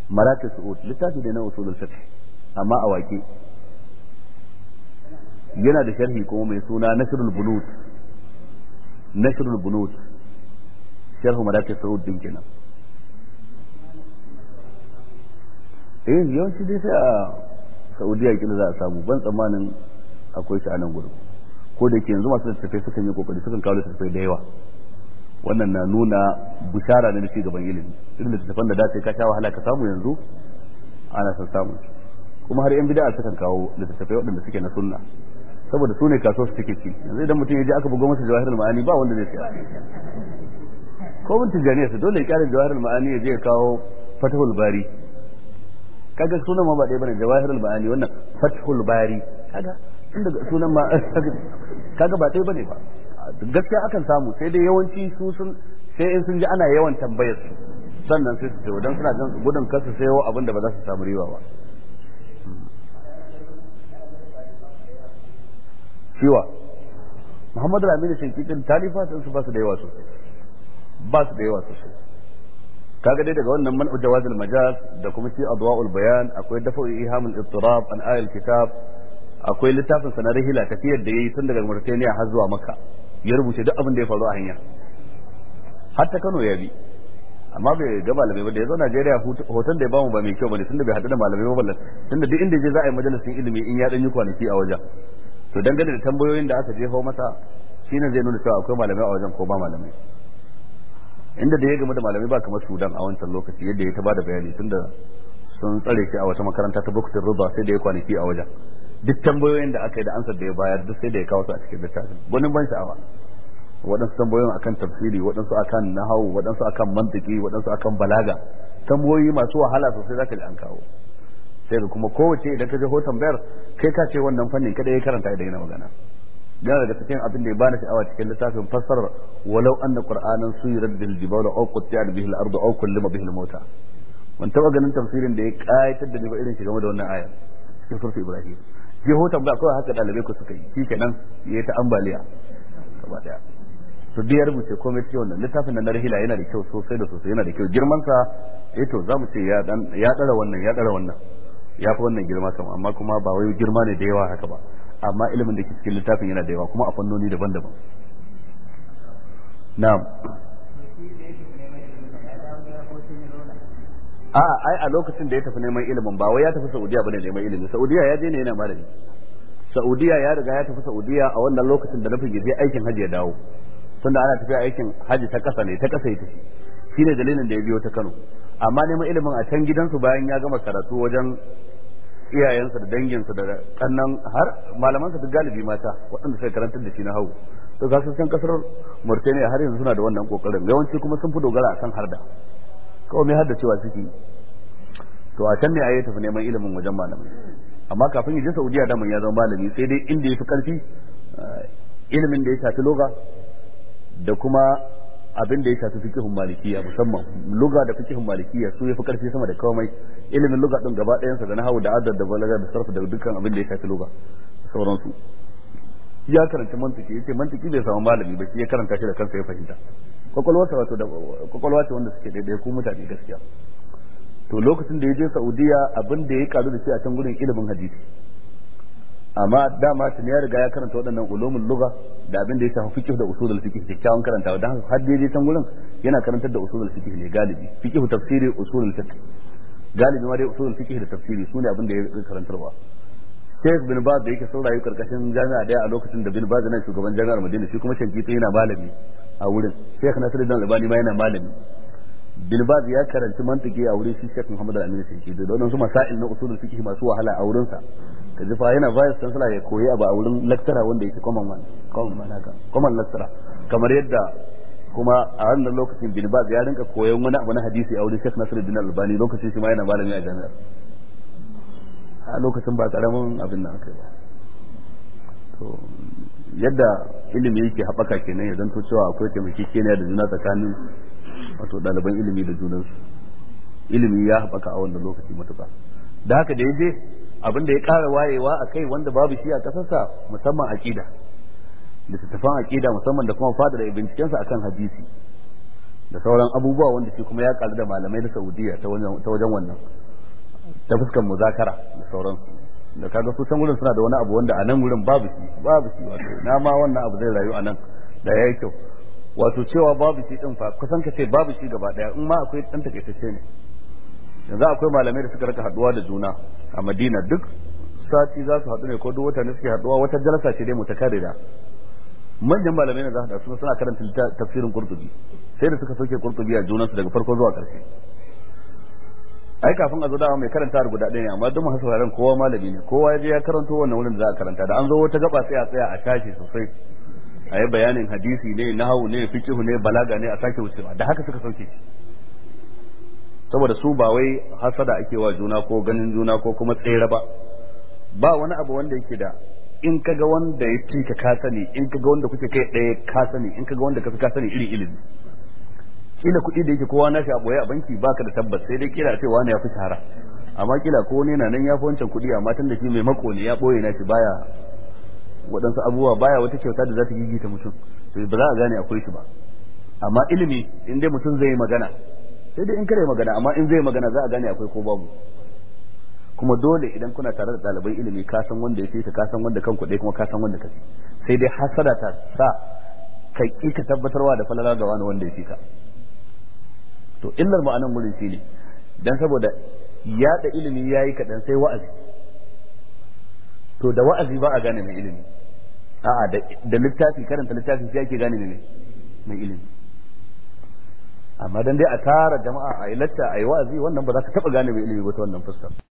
marakis su'ud littafi da na usulul fiqh amma a wake yana da sharhi kuma mai suna nashrul bulut nashrul bulut sharhu madaka saud din kenan eh yawanci dai sai a saudiya kila za a samu ban tsammanin akwai shi a nan gudu ko da ke yanzu masu littattafai sukan yi kokari sukan kawo littattafai da yawa wannan na nuna bishara ne da ci gaban ilimi irin tafan da dace ka sha wahala ka samu yanzu ana son samu kuma har yan bid'a sukan kawo da littattafai waɗanda suke na sunna saboda su ne kasuwar su take ci yanzu idan mutum ya je aka bugo masa jawahirul ma'ani ba wanda zai siya ko mun tijaniya su dole ya kyale jawahirul ma'ani ya je ya kawo fatahul bari kaga sunan ma ba ɗaya bane jawahirul ma'ani wannan fatahul bari kaga daga sunan ma kaga ba ɗaya bane ba gaskiya akan samu sai dai yawanci su sun sai in sun ji ana yawan tambayar su sannan sai su ce don suna gudun kasu sayo abin da ba za su samu riba ba cewa muhammadu aminu shinkitin talifatin su ba su da yawa sosai ba su da yawa sosai kaga dai daga wannan man jawazil majaz da kuma shi adwaul bayan akwai dafa'u ihamul ittirab an ayal kitab akwai littafin sanarai hila tafiyar da yayi tun daga Mauritania har zuwa Makka ya rubuce duk abin da ya faru a hanya hatta Kano ya bi amma bai ga malamai ba da ya zo Najeriya hoton da ya bamu ba mai kyau bane tunda bai hadu da malamai ba ballan tunda duk inda je za a yi majalisin ilimi in ya dan yi kwanaki a wajen to dangane da tambayoyin da aka jeho masa ne zai nuna cewa akwai malamai a wajen ko ba malamai inda da ya gamu da malamai ba kamar sudan a wancan lokaci yadda ya ta da bayani da sun tsare shi a wata makaranta ta bukutin ruba sai da ya kwanaki a wajen duk tambayoyin da aka yi da ansar da ya bayar duk sai da ya kawo su a cikin littafin wani ban sha'awa waɗansu tambayoyin akan tafsiri waɗansu akan nahawu waɗansu kan mantiki waɗansu akan balaga tambayoyi masu wahala sosai zaka ji an kawo sai ga kuma kowace idan ka je hoton bayar kai ka ce wannan fannin kada ya karanta idan yana magana yana daga cikin abin da ya bani sha'awa cikin littafin fassarar walau anna qur'anan suyirat bil jibal aw qutti'at bihi al ardu aw kullima bihi al mauta wani taba ganin tafsirin da ya kayatar da ni ba irin shi game da wannan aya cikin surfi ibrahim je hoton bayar kawai haka dalibai ku suka yi shikenan yi ta ambaliya gaba daya to biyar mu ce komai ce wannan littafin na narhila yana da kyau sosai da sosai yana da kyau girman sa eh to mu ce ya dan ya dara wannan ya dara wannan ya fi wannan girma kam amma kuma ba wai girma ne da yawa haka ba amma ilimin da ke cikin littafin yana da yawa kuma a fannoni daban-daban na'am a ai a lokacin da ya tafi neman ilimin ba wai ya tafi Saudiya bane neman ilimi Saudiya ya je ne yana malami Saudiya ya riga ya tafi Saudiya a wannan lokacin da nufin je aikin hajji ya dawo tunda ana tafiya aikin hajji ta kasa ne ta kasa ya tafi shine dalilin da ya biyo ta Kano amma neman ilimin a can gidansu bayan ya gama karatu wajen iyayensa da danginsa da kannan har malamansa duk galibi mata waɗanda suka karantar da shi na hau to ga sun kasar Mauritania har yanzu suna da wannan kokarin yawanci kuma sun fi dogara kan harda kawai mai harda cewa suke to a can ne ayi tafi neman ilimin wajen malamai amma kafin ya je Saudiya da ya zama malami sai dai inda ya fi karfi eh, ilimin da ya shafi loga da kuma abin da ya shafi fikihun malikiya musamman luga da fikihun malikiya su yafi karfi sama da komai ilimin luga din gaba ɗayan sa da nahawu da adad da balaga da sarfa da dukkan abin da ya shafi luga sauransu ya karanta mantiki yace mantiki bai samu malami ba shi ya karanta shi da kansa ya fahimta kwakwalwa ta wato da kwakwalwa ta wanda suke daidai ku mutane gaskiya to lokacin da ya je Saudiya abin da ya karu da shi a can gurin ilimin hadisi amma dama tun ya riga ya karanta waɗannan ulumul lugha da abin da ya shafi fiqh da usulul fiqh kikkiawan karantawa dan har daidai san gurin yana karantar da usulul fiqh ne galibi fiqh tafsiri usulul fiqh galibi ma dai usulul fiqh da tafsiri sune abin da ya karantarwa Sheikh bin Baz da yake sun rayu karkashin jami'a daya a lokacin da bin Baz na shugaban jami'ar Madina shi kuma Shankiti yana malami a wurin Sheikh Nasiruddin Albani ma yana malami bin Baz ya karanci mantiki a wurin shi Sheikh Muhammad Al-Amin Shankiti da wadansu masail na usulul fiqh masu wahala a wurinsa sa yanzu fa yana vice chancellor ya koyi abu a wurin lecturer wanda yake common man common man haka common lecturer kamar yadda kuma a wannan lokacin bin ba ya rinka koyon wani abu na hadisi a wurin Sheikh Nasiruddin Albani lokacin shi ma yana malami a jami'ar a lokacin ba karamin abin nan kai to yadda ilimi yake haɓaka kenan ya zanto cewa akwai kenan da juna tsakanin wato ɗaliban ilimi da junansu ilimi ya haɓaka a wannan lokaci matuƙa da haka daidai. abin da ya ƙara wayewa a kai wanda babu shi a ƙasarsa musamman aƙida littattafan aƙida musamman da kuma fada da bincikensa akan hadisi da sauran abubuwa wanda shi kuma ya ƙaru da malamai na saudiya ta wajen wannan ta fuskar muzakara da sauran. da kaga su wurin suna da wani abu wanda a nan wurin babu shi babu shi wato na ma wannan abu zai rayu a nan da yayi kyau wato cewa babu shi din fa kusan ka ce babu shi gaba daya in ma akwai dan takaitacce ne yanzu akwai malamai da suka rika haduwa da juna a madina duk sati za su haɗu ne ko duk wata ne suke haduwa wata jalsa ce dai mutakarrira manyan malamai ne za su haɗu suna karanta tafsirin qurtubi sai da suka sauke qurtubi a junansu daga farko zuwa ƙarshe ai kafin a zo da mai karanta guda ɗaya ne amma duk masu sauraron kowa malami ne kowa ya je ya karanto wannan wurin da za a karanta da an zo wata gaba sai a tsaya a tashi sosai a yi bayanin hadisi ne nahawu ne fikihu ne balaga ne a sake wucewa da haka suka sauke saboda su ba wai hasada ake wa juna ko ganin juna ko kuma tsere ba ba wani abu wanda yake da in kaga wanda ya ci ka sani in kaga wanda kuke kai ɗaya ka sani in kaga wanda ka ka sani irin ilimi kila kuɗi da yake kowa na shi a boye a banki baka da tabbas sai dai kila ce wani ya fi shahara amma kila ko wani yana nan ya fi wancan kuɗi amma tun da shi mai mako ne ya boye na shi baya waɗansu abubuwa baya wata kyauta da za ta gigita mutum to ba za a gane akwai shi ba amma ilimi in dai mutum zai yi magana sai dai in kare magana amma in zai magana za a gane akwai ko babu kuma dole idan kuna tare da ɗalibai ilimi ka san wanda ya fi ka san wanda kanku ɗaya kuma ka san wanda kake sai dai hasada ta sa ka ƙi ka tabbatarwa da falala ga wani wanda ya fi ka to illar ma'anan wurin shi ne dan saboda yaɗa ilimi ya yi kaɗan sai wa'azi to da wa'azi ba a gane mai ilimi a'a da littafi karanta littafi sai ake gane mai ilimi amma dan dai a tara jama'a a yi lacca a yi wa'azi wannan ba za ka taɓa gane mai ilimi ba ta wannan fuskar